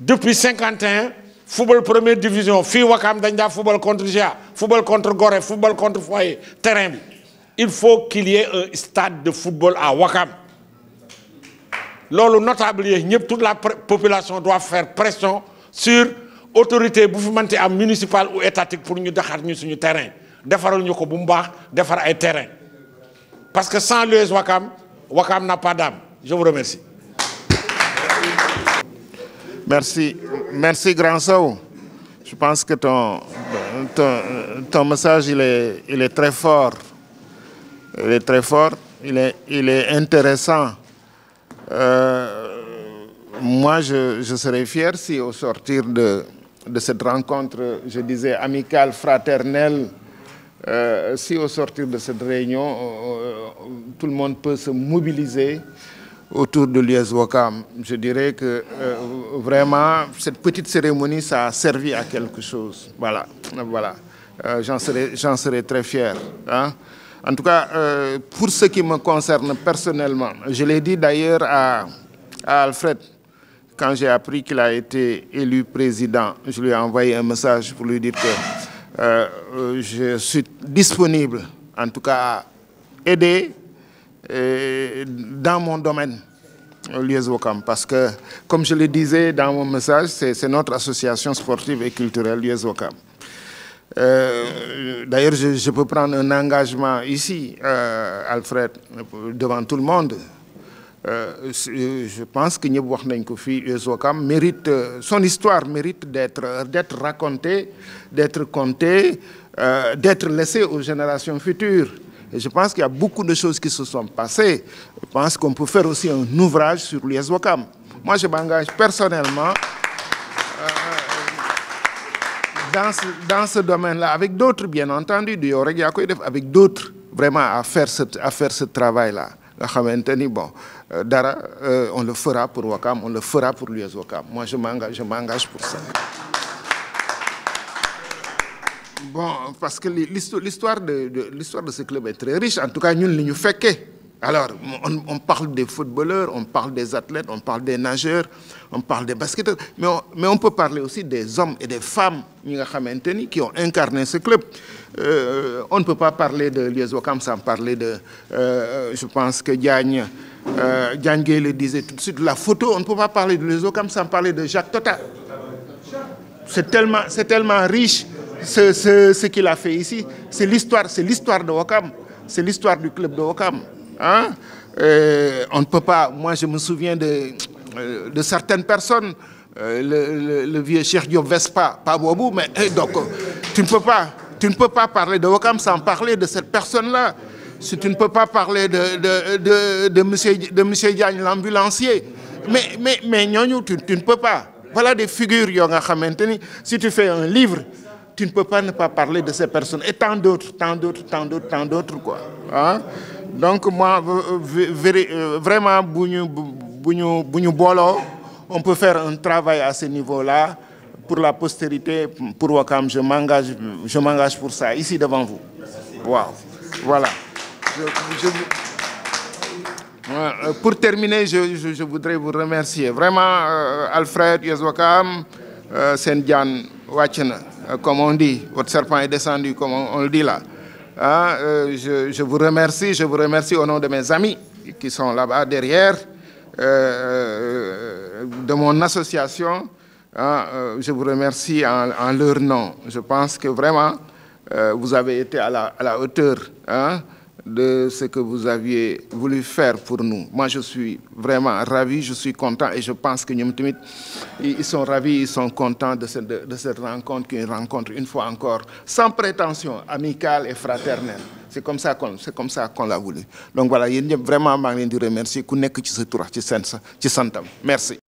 depuis 51 football première division football contre GIA, football contre Gorée football contre Foyer terrain il faut qu'il y ait un stade de football à Wakam lolu notable yi toute la population doit faire pression sur autorités, bu fi municipal ou étatique pour nous daxaat sur suñu terrain ñuko bu terrain parce que sans l'UEZ Wakam Wakam n'a pas d'âme je vous remercie. merci merci grand je pense que ton ton ton message il est il est très fort il est très fort il est il est intéressant. Euh, moi, je, serais fier si au sortir de, cette rencontre, je disais amicale, fraternelle, euh, si au sortir de cette réunion, euh, tout le monde peut se mobiliser autour de l'USWOCAM. je dirais que vraiment, cette petite cérémonie, ça a servi à quelque chose. Voilà, voilà. J'en serais, serais, très fier. Hein. En tout cas, euh, pour ce qui me concerne personnellement, je l'ai dit d'ailleurs à, Alfred, quand j'ai appris qu'il a été élu président, je lui ai envoyé un message pour lui dire que euh, je suis disponible, en tout cas, à aider euh, dans mon domaine. l'USOCAM. parce que, comme je le disais dans mon message, c'est notre association sportive et culturelle l'USOCAM. Euh, d'ailleurs, je, peux prendre un engagement ici, euh, Alfred, devant tout le monde. Euh, je pense que mérite, son histoire mérite d'être racontée, d'être contée, d'être laissée aux générations futures. je pense qu'il y a beaucoup de choses qui se sont passées. Je pense qu'on peut faire aussi un ouvrage sur l'Iezwakam. Moi, je m'engage personnellement dans ce, dans ce domaine-là, avec d'autres, bien entendu, avec d'autres vraiment à faire ce à faire ce travail-là bon euh, euh, on le fera pour Wakam on le fera pour l'US Wakam moi je m'engage je m'engage pour ça. bon parce que l'histoire de, l'histoire de ce club est très riche en tout cas nous, nous faisons alors, on, parle des footballeurs, on parle des athlètes, on parle des nageurs, on parle des basketteurs, mais on, peut parler aussi des hommes et des femmes qui ont incarné ce club. Euh, on ne peut pas parler de Wakam sans parler de, euh, je pense que Diagne, euh, le disait tout de suite, la photo, on ne peut pas parler de Okam sans parler de Jacques Total. C'est tellement, tellement riche ce, ce qu'il a fait ici. C'est l'histoire de Wakam, c'est l'histoire du club de Wakam. Hein? Euh, on ne peut pas. Moi, je me souviens de, euh, certaines personnes. Euh, le, vieux Cheikh Diop Vespa, pas Bobou, mais eh, donc, tu ne peux pas. Tu ne peux pas parler de Wakam sans parler de cette personne-là. Si tu ne peux pas parler de, de, monsieur, de monsieur Diagne, l'ambulancier. Mais, mais, mais tu, ne peux pas. Voilà des figures, Si tu fais un livre, tu ne peux pas ne pas parler de ces personnes. Et tant d'autres, tant d'autres, tant d'autres, tant d'autres, quoi. Hein? donc moi vraiment on peut faire un travail à ce niveau-là pour la postérité pour Wakam je m'engage je m'engage pour ça ici devant vous voilà euh, pour terminer je, voudrais vous remercier vraiment euh, Alfred Yazwakam, euh, comme on dit votre serpent est descendu comme on le dit là Hein, euh, je, vous remercie, je vous remercie au nom de mes amis qui sont là-bas derrière, euh, euh, de mon association. Hein, je vous remercie en, leur nom. Je pense que vraiment, vous avez été à la, hauteur. Hein de ce que vous aviez voulu faire pour nous. Moi, je suis vraiment ravi, je suis content et je pense que nous, ils sont ravis, ils sont contents de, de, cette rencontre, qui est une rencontre, une fois encore, sans prétention, amicale et fraternelle. C'est comme ça qu'on c'est comme ça qu'on l'a voulu. Donc voilà, il vraiment, à de remercier. Merci.